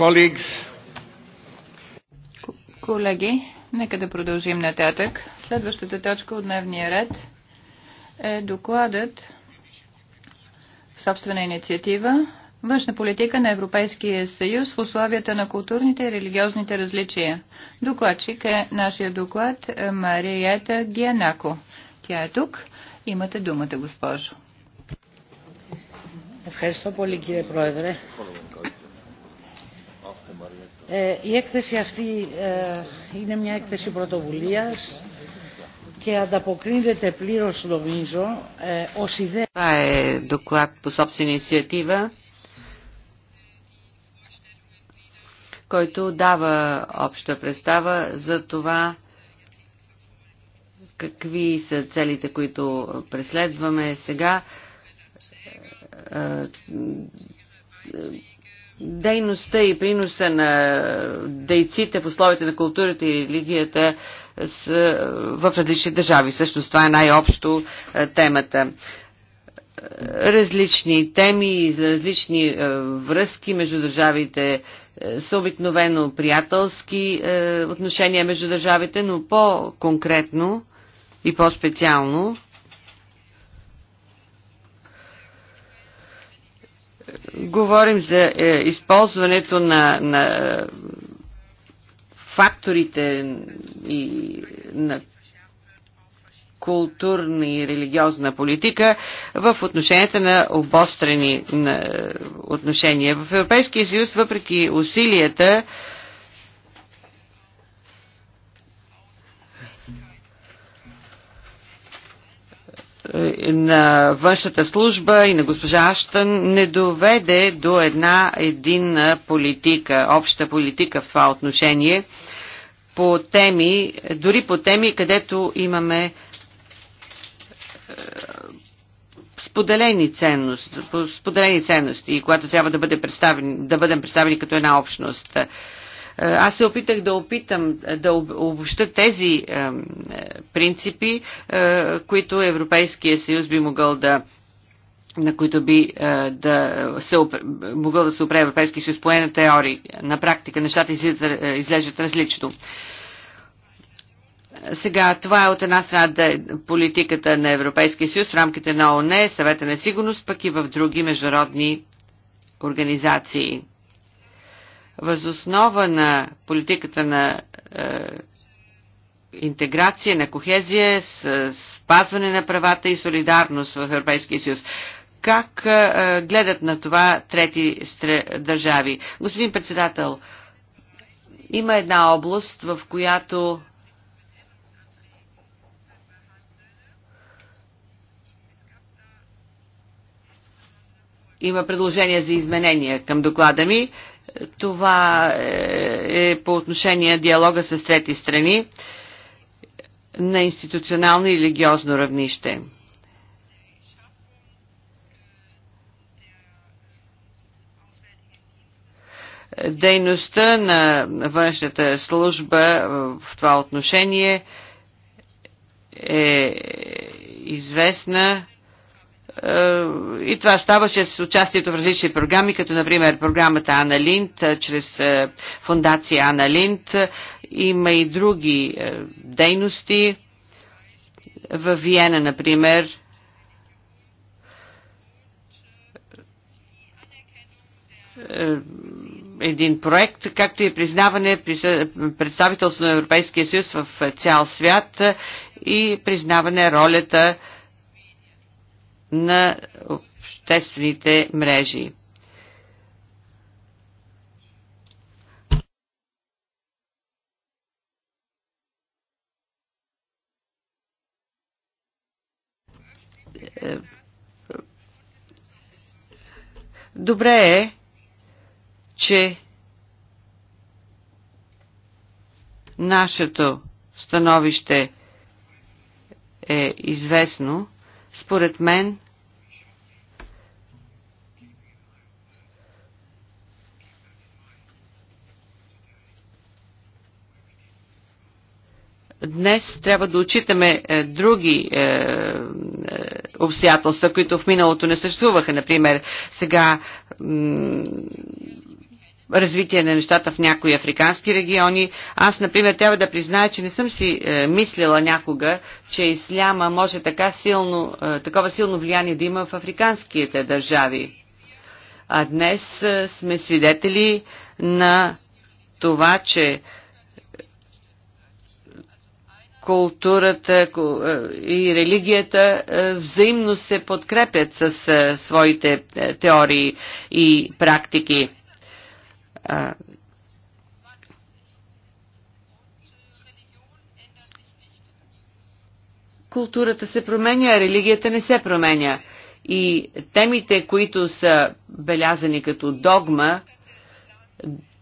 Colleagues.
Колеги, нека да продължим нататък. Следващата точка от дневния ред е докладът собствена инициатива Външна политика на Европейския съюз в условията на културните и религиозните различия. Докладчик е нашия доклад е, Мариета Гианако. Тя е тук. Имате думата, госпожо. Η έκθεση αυτή είναι μια έκθεση
πρωτοβουλίας και ανταποκρίνεται πλήρως νομίζω ως ιδέα.
Това е доклад по собствена инициатива, който дава обща представа за това какви са целите, които преследваме сега е, е, Дейността и приноса на дейците в условията на културата и религията в различни държави. също това е най-общо е, темата е, различни теми, различни е, връзки между държавите са обикновено приятелски отношения между държавите, но по-конкретно и по-специално говорим за е, използването на, на е, факторите и на културна и религиозна политика в отношенията на обострени на е, отношения. В Европейския съюз, въпреки усилията, на външната служба и на госпожа Аштън не доведе до една единна политика, обща политика в това отношение по теми, дори по теми, където имаме е, споделени ценности, споделени ценности и когато трябва да, бъде представен, да бъдем представени като една общност. Е, аз се опитах да опитам да обобща тези принципи, е, които Европейския съюз би могъл да на които би е, да се, могъл да се опре Европейския съюз по една теории. На практика нещата е, излежат различно. Сега, това е от една страна да политиката на Европейския съюз в рамките на ОНЕ, съвета на сигурност, пък и в други международни организации. Възоснова на политиката на е, интеграция, на кохезия, с, спазване на правата и солидарност в Европейския съюз. Как а, гледат на това трети държави? Господин председател, има една област, в която има предложение за изменения към доклада ми. Това е, е по отношение на диалога с трети страни на институционално и религиозно равнище. Дейността на външната служба в това отношение е известна е, и това ставаше с участието в различни програми, като например програмата Ана Линд, е, чрез е, фундация Ана Линд има и други е, дейности. В Виена, например, е, един проект, както и признаване представителство на Европейския съюз в цял свят и признаване ролята на обществените мрежи. Добре е, че нашето становище е известно. Според мен днес трябва да отчитаме е, други е, е, обстоятелства, които в миналото не съществуваха. Например, сега развитие на нещата в някои африкански региони. Аз, например, трябва да призная, че не съм си е, мислила някога, че исляма може така силно, е, такова силно влияние да има в африканските държави. А днес е, сме свидетели на това, че културата е, и религията е, взаимно се подкрепят с е, своите теории и практики. Културата се променя, а религията не се променя. И темите, които са белязани като догма,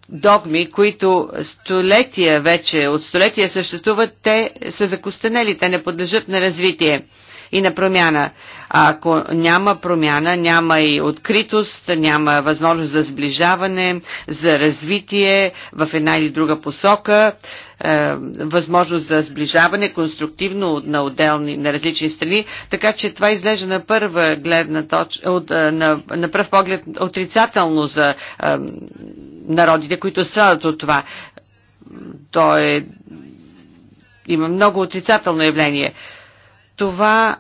догми, които столетия вече, от столетия съществуват, те са закостенели, те не подлежат на развитие и на промяна. А ако няма промяна, няма и откритост, няма възможност за сближаване, за развитие в една или друга посока, е, възможност за сближаване конструктивно на отделни, на различни страни, така че това изглежда на първа гледна точка, е, на, на пръв поглед отрицателно за е, народите, които страдат от това. То е... има много отрицателно явление. Това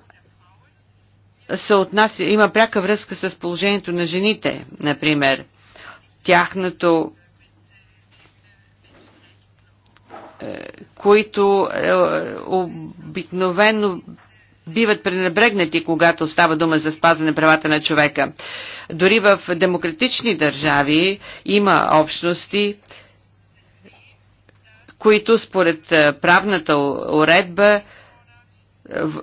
се отнася, има пряка връзка с положението на жените, например. Тяхното е, които е, обикновено биват пренебрегнати, когато става дума за спазване правата на човека. Дори в демократични държави има общности, които според правната уредба в,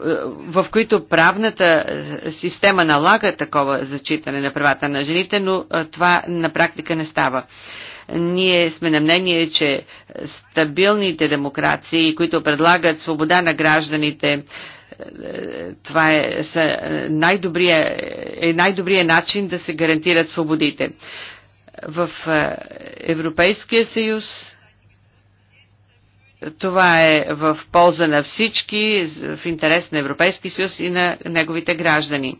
в които правната система налага такова зачитане на правата на жените, но това на практика не става. Ние сме на мнение, че стабилните демокрации, които предлагат свобода на гражданите, това е, са е, най-добрия, е най-добрия начин да се гарантират свободите. В е, Европейския съюз това е в полза на всички, в интерес на Европейския съюз и на неговите граждани.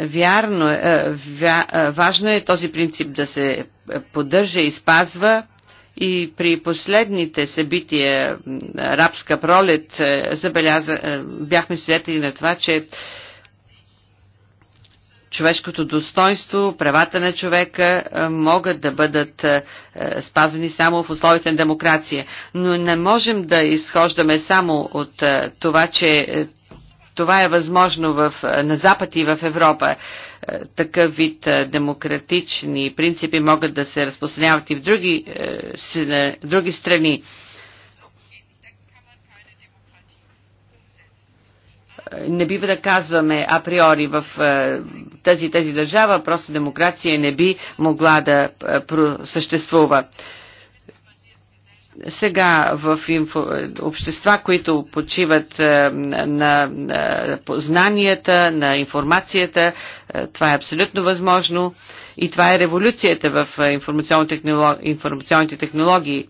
Вярно, е, важно е този принцип да се поддържа и спазва и при последните събития, рабска пролет, е, забеляза, е, бяхме свидетели на това, че човешкото достоинство, правата на човека е, могат да бъдат спазвани само в условията на демокрация. Но не можем да изхождаме само от това, че това е възможно в, на Запад и в Европа такъв вид демократични принципи могат да се разпространяват и в други, в е, други страни. Не бива да казваме априори в е, тази тази държава, просто демокрация не би могла да е, съществува. Сега в инфо... общества, които почиват е, на познанията, на информацията, е, това е абсолютно възможно и това е революцията в е, информационните технологии.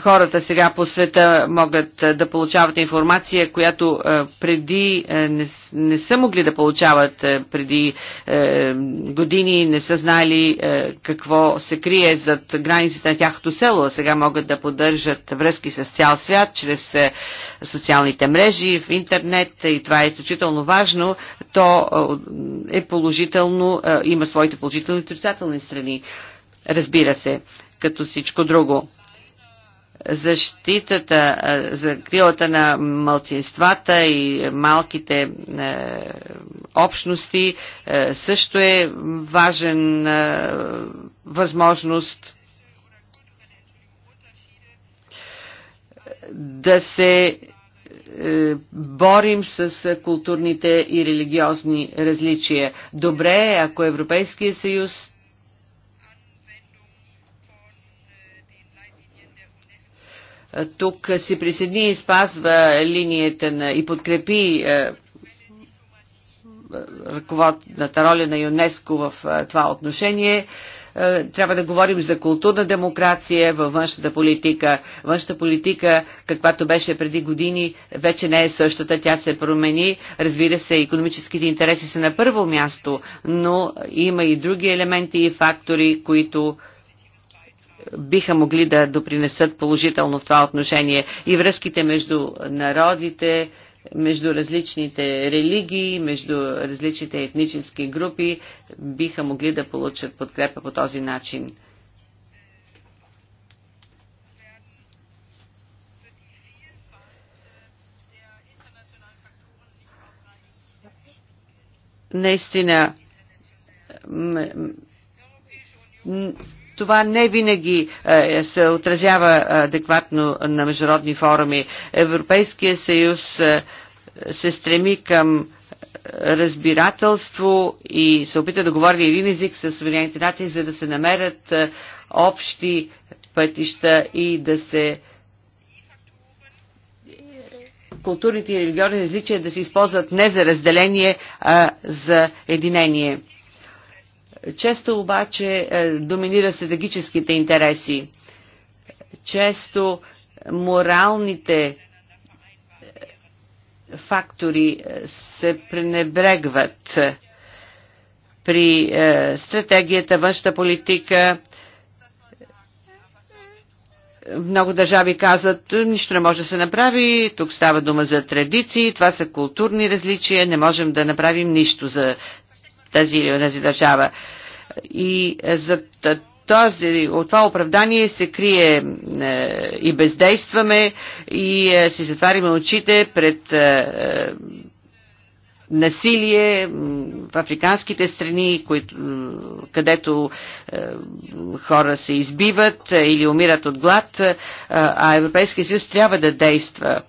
хората сега по света могат е, да получават информация, която е, преди е, не, не са могли да получават преди години, не са знали какво се крие зад границите на тяхното село. Сега могат да поддържат връзки с цял свят чрез социалните мрежи, в интернет и това е изключително важно. То е положително, има своите положителни и отрицателни страни, разбира се, като всичко друго защитата, за крилата на малцинствата и малките е, общности е, също е важен е, възможност да се борим с културните и религиозни различия. Добре е, ако Европейския съюз тук се присъедини и спазва линията на, и подкрепи е, ръководната роля на ЮНЕСКО в е, това отношение. Е, трябва да говорим за културна демокрация във външната политика. Външната политика, каквато беше преди години, вече не е същата. Тя се промени. Разбира се, економическите интереси са на първо място, но има и други елементи и фактори, които биха могли да допринесат положително в това отношение и връзките между народите, между различните религии, между различните етнически групи биха могли да получат подкрепа по този начин. Наистина, това не винаги е, се отразява е, адекватно на международни форуми. Европейския съюз е, се стреми към разбирателство и се опита да говори един език с Съединените нации, за да се намерят общи пътища и да се културните и религиозни различия да се използват не за разделение, а за единение. Често обаче е, доминира стратегическите интереси. Често моралните е, фактори е, се пренебрегват при стратегията, външна политика. Много държави казват, нищо не може да се направи, тук става дума за традиции, това са културни различия, не можем да направим нищо за тази или онази държава. И е, за този, от това оправдание се крие е, и бездействаме и е, си затваряме очите пред е, е насилие в африканските страни, които, където е, хора се избиват е, или умират от глад, а Европейския съюз трябва да действа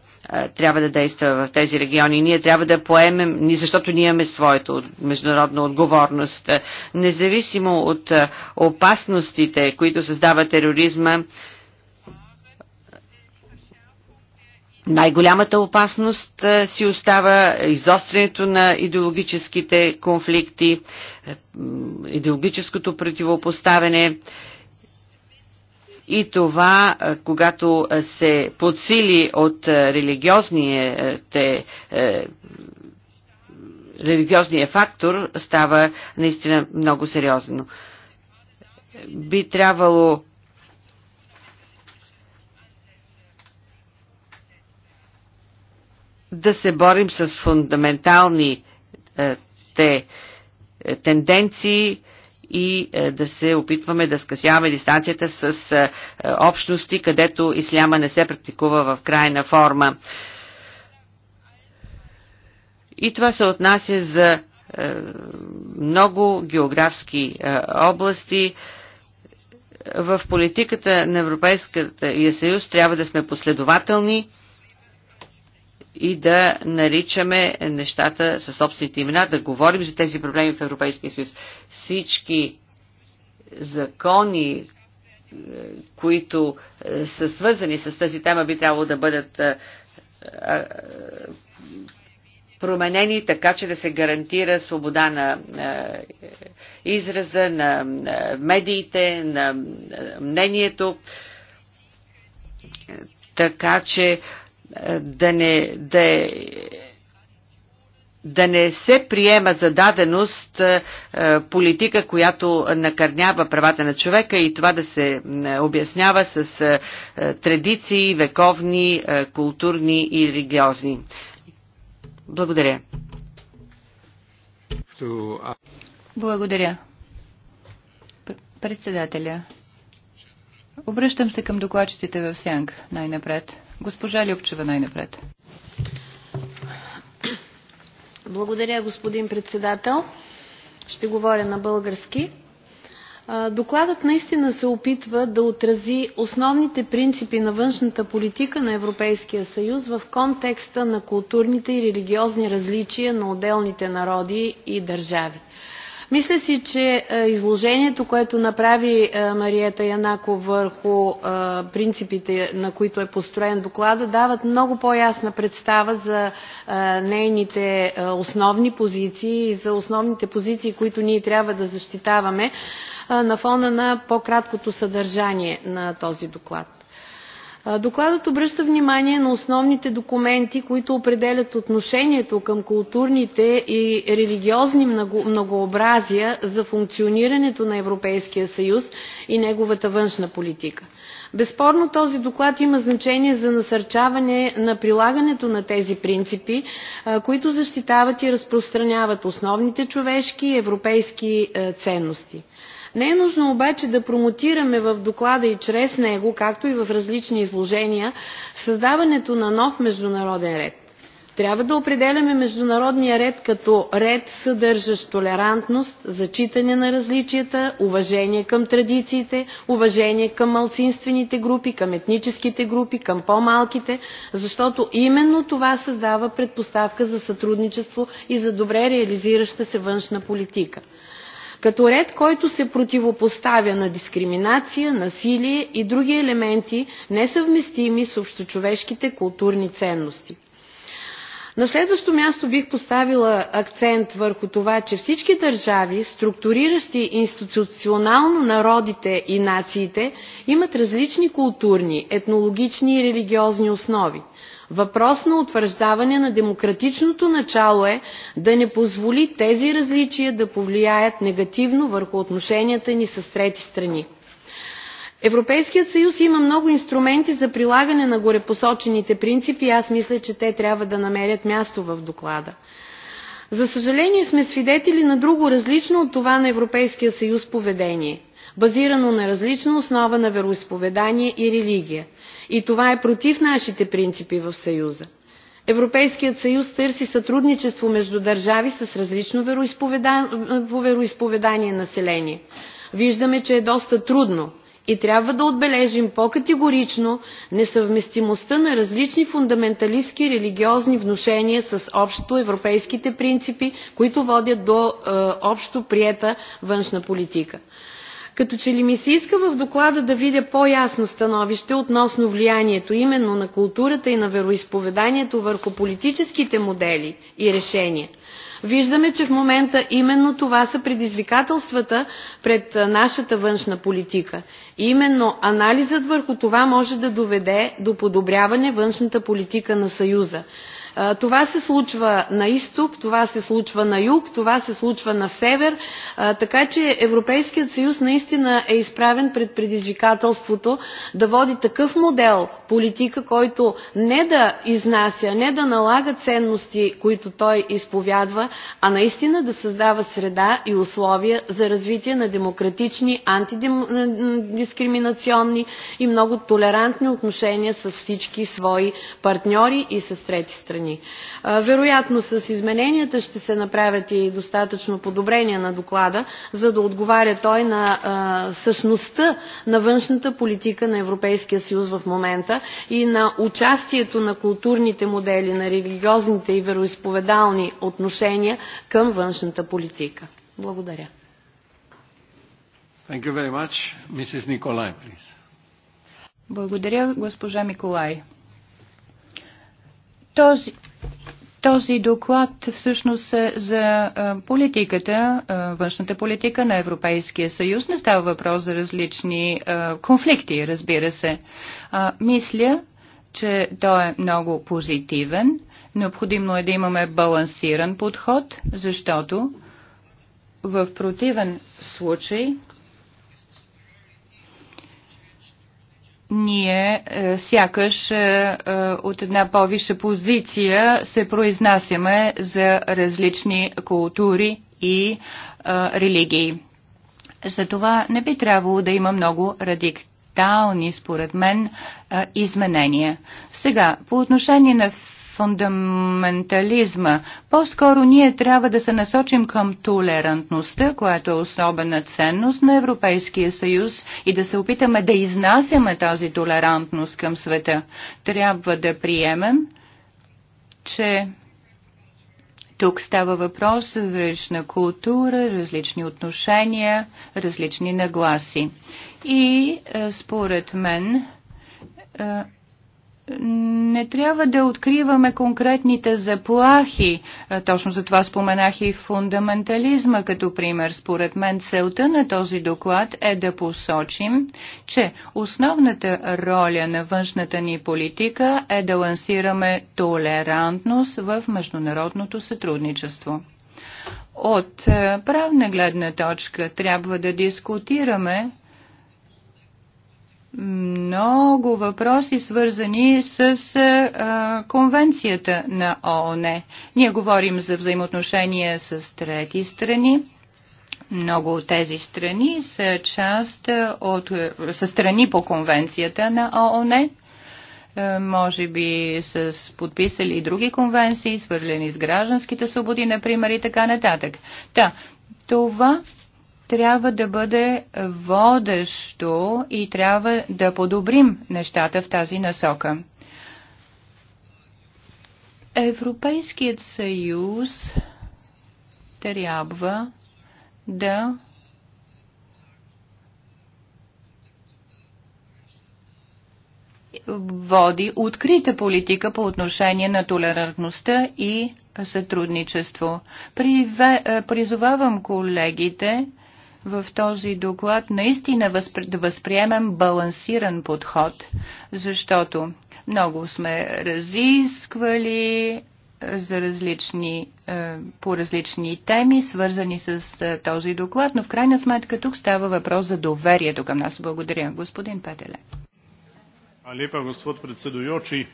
трябва да действа в тези региони. Ние трябва да поемем, защото ние имаме своята международна отговорност. Независимо от опасностите, които създава тероризма, най-голямата опасност си остава изострянето на идеологическите конфликти, идеологическото противопоставяне и това, е, когато е, се подсили от е, религиозните религиозния фактор става наистина много сериозно. Би трябвало да се борим с фундаментални те, тенденции, и е, да се опитваме да скъсяваме дистанцията с е, е, общности, където исляма не се практикува в крайна форма. И това се отнася за много географски области. В политиката на Европейската съюз трябва да сме последователни и да наричаме нещата със собствените имена, да говорим за тези проблеми в Европейския съюз. Всички закони, е, които е, са свързани с тази тема, би трябвало да бъдат е, променени така, че да се гарантира свобода на израза, на медиите, на мнението, така че да не, да, да не се приема за даденост е, е, политика, която накърнява правата на човека и това да се е, обяснява с традиции, вековни, културни и религиозни. Благодаря.
Благодаря. Председателя. Обръщам се към докладчиците в Сянг най-напред. Госпожа Любчева най-напред. Благодаря, господин председател.
Ще говоря на български. Докладът наистина се опитва да отрази основните принципи на външната политика на Европейския съюз в контекста на културните и религиозни различия на отделните народи и държави. Мисля си, че е, изложението, което направи е, Марията Янако върху е, принципите, на които е построен доклада, дават много по-ясна представа за нейните основни позиции и за основните позиции, които ние трябва да защитаваме на фона на по-краткото съдържание на този доклад. Докладът обръща внимание на основните документи, които определят отношението към културните и религиозни многообразия за функционирането на Европейския съюз и неговата външна политика. Безспорно този доклад има значение за насърчаване на прилагането на тези принципи, които защитават и разпространяват основните човешки и европейски ценности. Не е нужно обаче да промотираме в доклада и чрез него, както и в различни изложения, създаването на нов международен ред. Трябва да определяме международния ред като ред, съдържащ толерантност, зачитане на различията, уважение към традициите, уважение към малцинствените групи, към етническите групи, към по-малките, защото именно това създава предпоставка за сътрудничество и за добре реализираща се външна политика като ред, който се противопоставя на дискриминация, насилие и други елементи, несъвместими с общочовешките културни ценности. На следващо място бих поставила акцент върху това, че всички държави, структуриращи институционално народите и нациите, имат различни културни, етнологични и религиозни основи. Въпрос на утвърждаване на демократичното начало е да не позволи тези различия да повлияят негативно върху отношенията ни с трети страни. Европейският съюз има много инструменти за прилагане на горепосочените принципи и аз мисля, че те трябва да намерят място в доклада. За съжаление сме свидетели на друго различно от това на Европейския съюз поведение, базирано на различна основа на вероисповедание и религия – и това е против нашите принципи в Съюза. Европейският съюз търси сътрудничество между държави с различно вероисповедание, вероисповедание население. Виждаме, че е доста трудно и трябва да отбележим по-категорично несъвместимостта на различни фундаменталистски религиозни вношения с общо европейските принципи, които водят до е, общо приета външна политика. Като че ли ми се иска в доклада да видя по-ясно становище относно влиянието именно на културата и на вероисповеданието върху политическите модели и решения. Виждаме, че в момента именно това са предизвикателствата пред нашата външна политика. И именно анализът върху това може да доведе до подобряване външната политика на Съюза. Това се случва на изток, това се случва на юг, това се случва на север, така че Европейският съюз наистина е изправен пред предизвикателството да води такъв модел политика, който не да изнася, не да налага ценности, които той изповядва, а наистина да създава среда и условия за развитие на демократични, антидискриминационни и много толерантни отношения с всички свои партньори и с трети страни страни. Вероятно с измененията ще се направят и достатъчно подобрения на доклада, за да отговаря той на същността на външната политика на Европейския съюз в момента и на участието на културните модели, на религиозните и вероисповедални отношения към външната политика.
Благодаря.
Thank you very much. Mrs. please.
Благодаря, госпожа Миколай. Този, този доклад всъщност е за политиката, външната политика на Европейския съюз. Не става въпрос за различни конфликти, разбира се. Мисля, че той е много позитивен. Необходимо е да имаме балансиран подход, защото в противен случай ние е, сякаш е, е, от една по-висша позиция се произнасяме за различни култури и е, религии. Затова не би трябвало да има много радикални, според мен, е, изменения. Сега, по отношение на фундаментализма. По-скоро ние трябва да се насочим към толерантността, която е особена ценност на Европейския съюз и да се опитаме да изнасяме тази толерантност към света. Трябва да приемем, че тук става въпрос за различна култура, различни отношения, различни нагласи. И е, според мен е, не трябва да откриваме конкретните заплахи. Е, точно за това споменах и фундаментализма като пример. Според мен целта на този доклад е да посочим, че основната роля на външната ни политика е да лансираме толерантност в международното сътрудничество. От е, правна гледна точка трябва да дискутираме много въпроси, свързани с а, конвенцията на ООН. Ние говорим за взаимоотношения с трети страни. Много от тези страни са част от, са страни по конвенцията на ООН. Може би с подписали и други конвенции, свърлени с гражданските свободи, например, и така нататък. Та, това трябва да бъде водещо и трябва да подобрим нещата в тази насока. Европейският съюз трябва да води открита политика по отношение на толерантността и сътрудничество. Призовавам колегите в този доклад наистина възпри... да възприемем балансиран подход, защото много сме разисквали е, за различни, е, по различни теми, свързани с е, този доклад, но в крайна сметка тук става въпрос за доверието към нас. Благодаря. Господин Петеле.
Алипа, господ председуючи.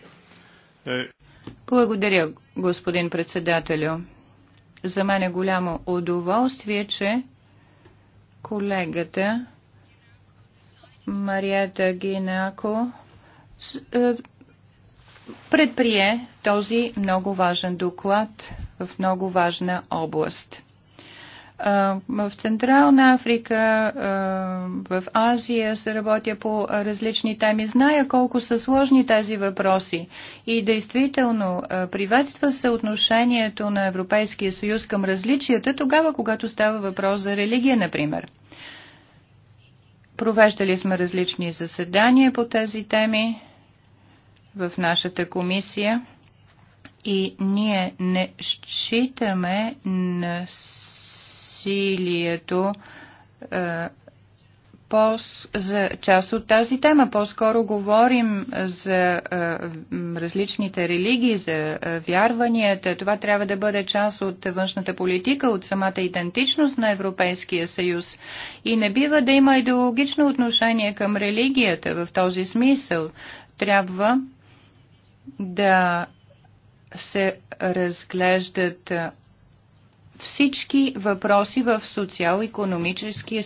Благодаря, господин председателю. За мен е голямо удоволствие, че колегата Марията Гинако е, предприе този много важен доклад в много важна област. В Централна Африка, в Азия се работя по различни теми. Зная колко са сложни тези въпроси. И действително приветства се отношението на Европейския съюз към различията тогава, когато става въпрос за религия, например. Провеждали сме различни заседания по тези теми в нашата комисия и ние не считаме на насилието е, за част от тази тема. По-скоро говорим за е, различните религии, за е, вярванията. Това трябва да бъде част от външната политика, от самата идентичност на Европейския съюз. И не бива да има идеологично отношение към религията в този смисъл. Трябва да се разглеждат всички въпроси в социал-економически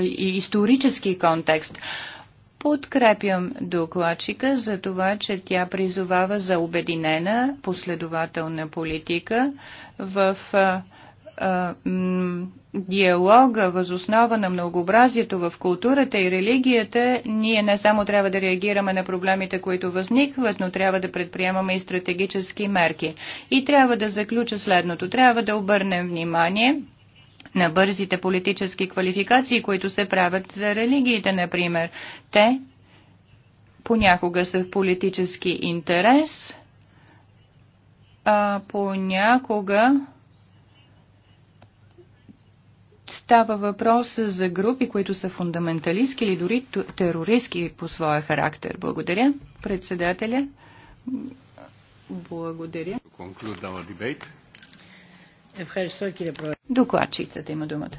и исторически контекст. Подкрепям докладчика за това, че тя призовава за обединена, последователна политика в диалога възоснова на многообразието в културата и религията, ние не само трябва да реагираме на проблемите, които възникват, но трябва да предприемаме и стратегически мерки. И трябва да заключа следното. Трябва да обърнем внимание на бързите политически квалификации, които се правят за религиите, например. Те понякога са в политически интерес, а понякога става въпрос за групи, които са фундаменталистки или дори терористски по своя характер. Благодаря, председателя. Благодаря. Докладчицата има думата.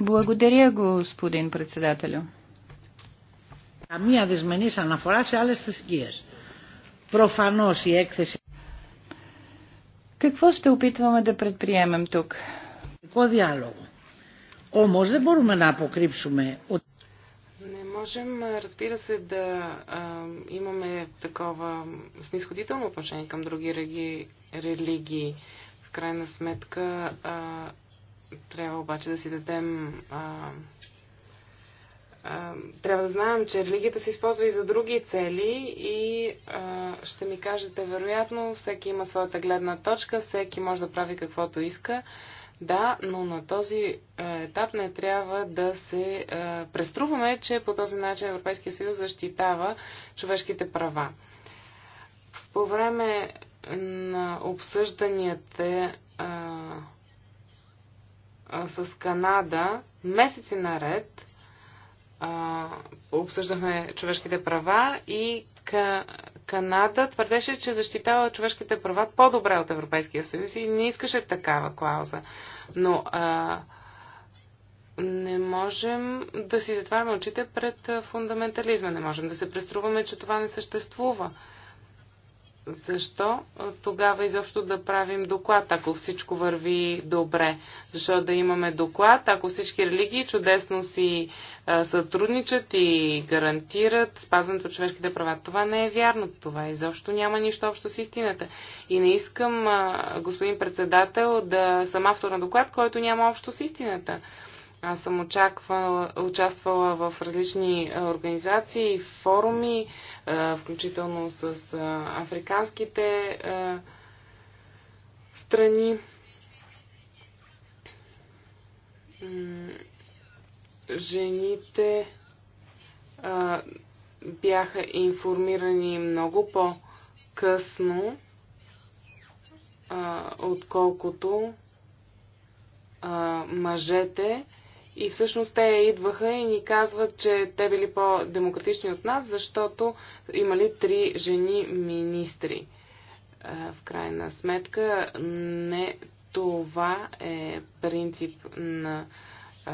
Благодаря, господин председателю. Καμία δυσμενής αναφορά σε άλλες θρησκείες. Προφανώς η έκθεση какво ще опитваме да предприемем тук? Какво диалог? О, може да μπορούμε на покрипшуме от
не можем, разбира се, да а, имаме такова снисходително отношение към други реги, религии. В крайна сметка а, трябва обаче да си дадем а, трябва да знаем, че религията се използва и за други цели и а, ще ми кажете, вероятно, всеки има своята гледна точка, всеки може да прави каквото иска. Да, но на този етап не трябва да се а, преструваме, че по този начин Европейския съюз защитава човешките права. По време на обсъжданията а, а, с Канада, месеци наред, обсъждахме човешките права и Канада твърдеше, че защитава човешките права по-добре от Европейския съюз и не искаше такава клауза. Но а, не можем да си затваряме очите пред фундаментализма, не можем да се преструваме, че това не съществува защо тогава изобщо да правим доклад, ако всичко върви добре? Защо да имаме доклад, ако всички религии чудесно си а, сътрудничат и гарантират спазването на човешките права? Това не е вярно. Това изобщо няма нищо общо с истината. И не искам, а, господин председател, да съм автор на доклад, който няма общо с истината. Аз съм очаквала, участвала в различни организации, форуми, включително с африканските страни. Жените бяха информирани много по-късно, отколкото мъжете и всъщност те идваха и ни казват, че те били по-демократични от нас, защото имали три жени министри. Е, в крайна сметка, не това е принцип на, е,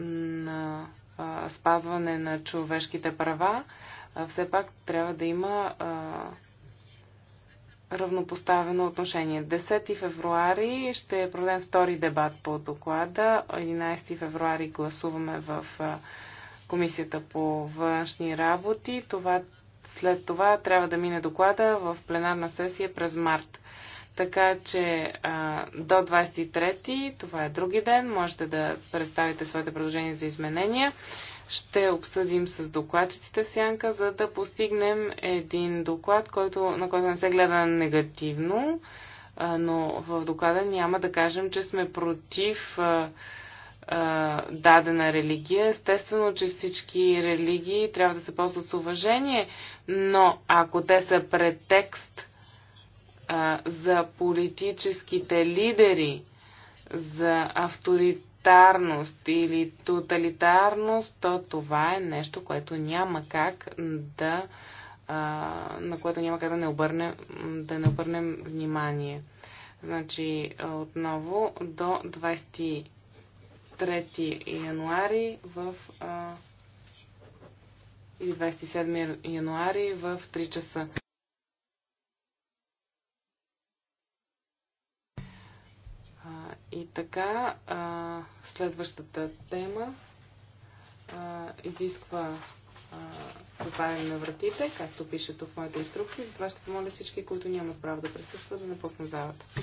на е, спазване на човешките права. Все пак трябва да има равнопоставено отношение. 10 февруари ще проведем втори дебат по доклада. 11 февруари гласуваме в Комисията по външни работи. Това, след това трябва да мине доклада в пленарна сесия през март. Така че а, до 23, това е други ден, можете да представите своите предложения за изменения ще обсъдим с докладчиците сянка, за да постигнем един доклад, който, на който не се гледа негативно, но в доклада няма да кажем, че сме против дадена религия. Естествено, че всички религии трябва да се ползват с уважение, но ако те са претекст за политическите лидери, за авторитет, авторитарност или тоталитарност, то това е нещо, което няма как да на което няма как да не обърнем, да не обърнем внимание. Значи, отново до 23 януари в и 27 януари в 3 часа. И така, а, следващата тема а, изисква затваряне на вратите, както пише тук в моите инструкции. Затова ще помоля всички, които нямат право да
присъстват, да напуснат залата.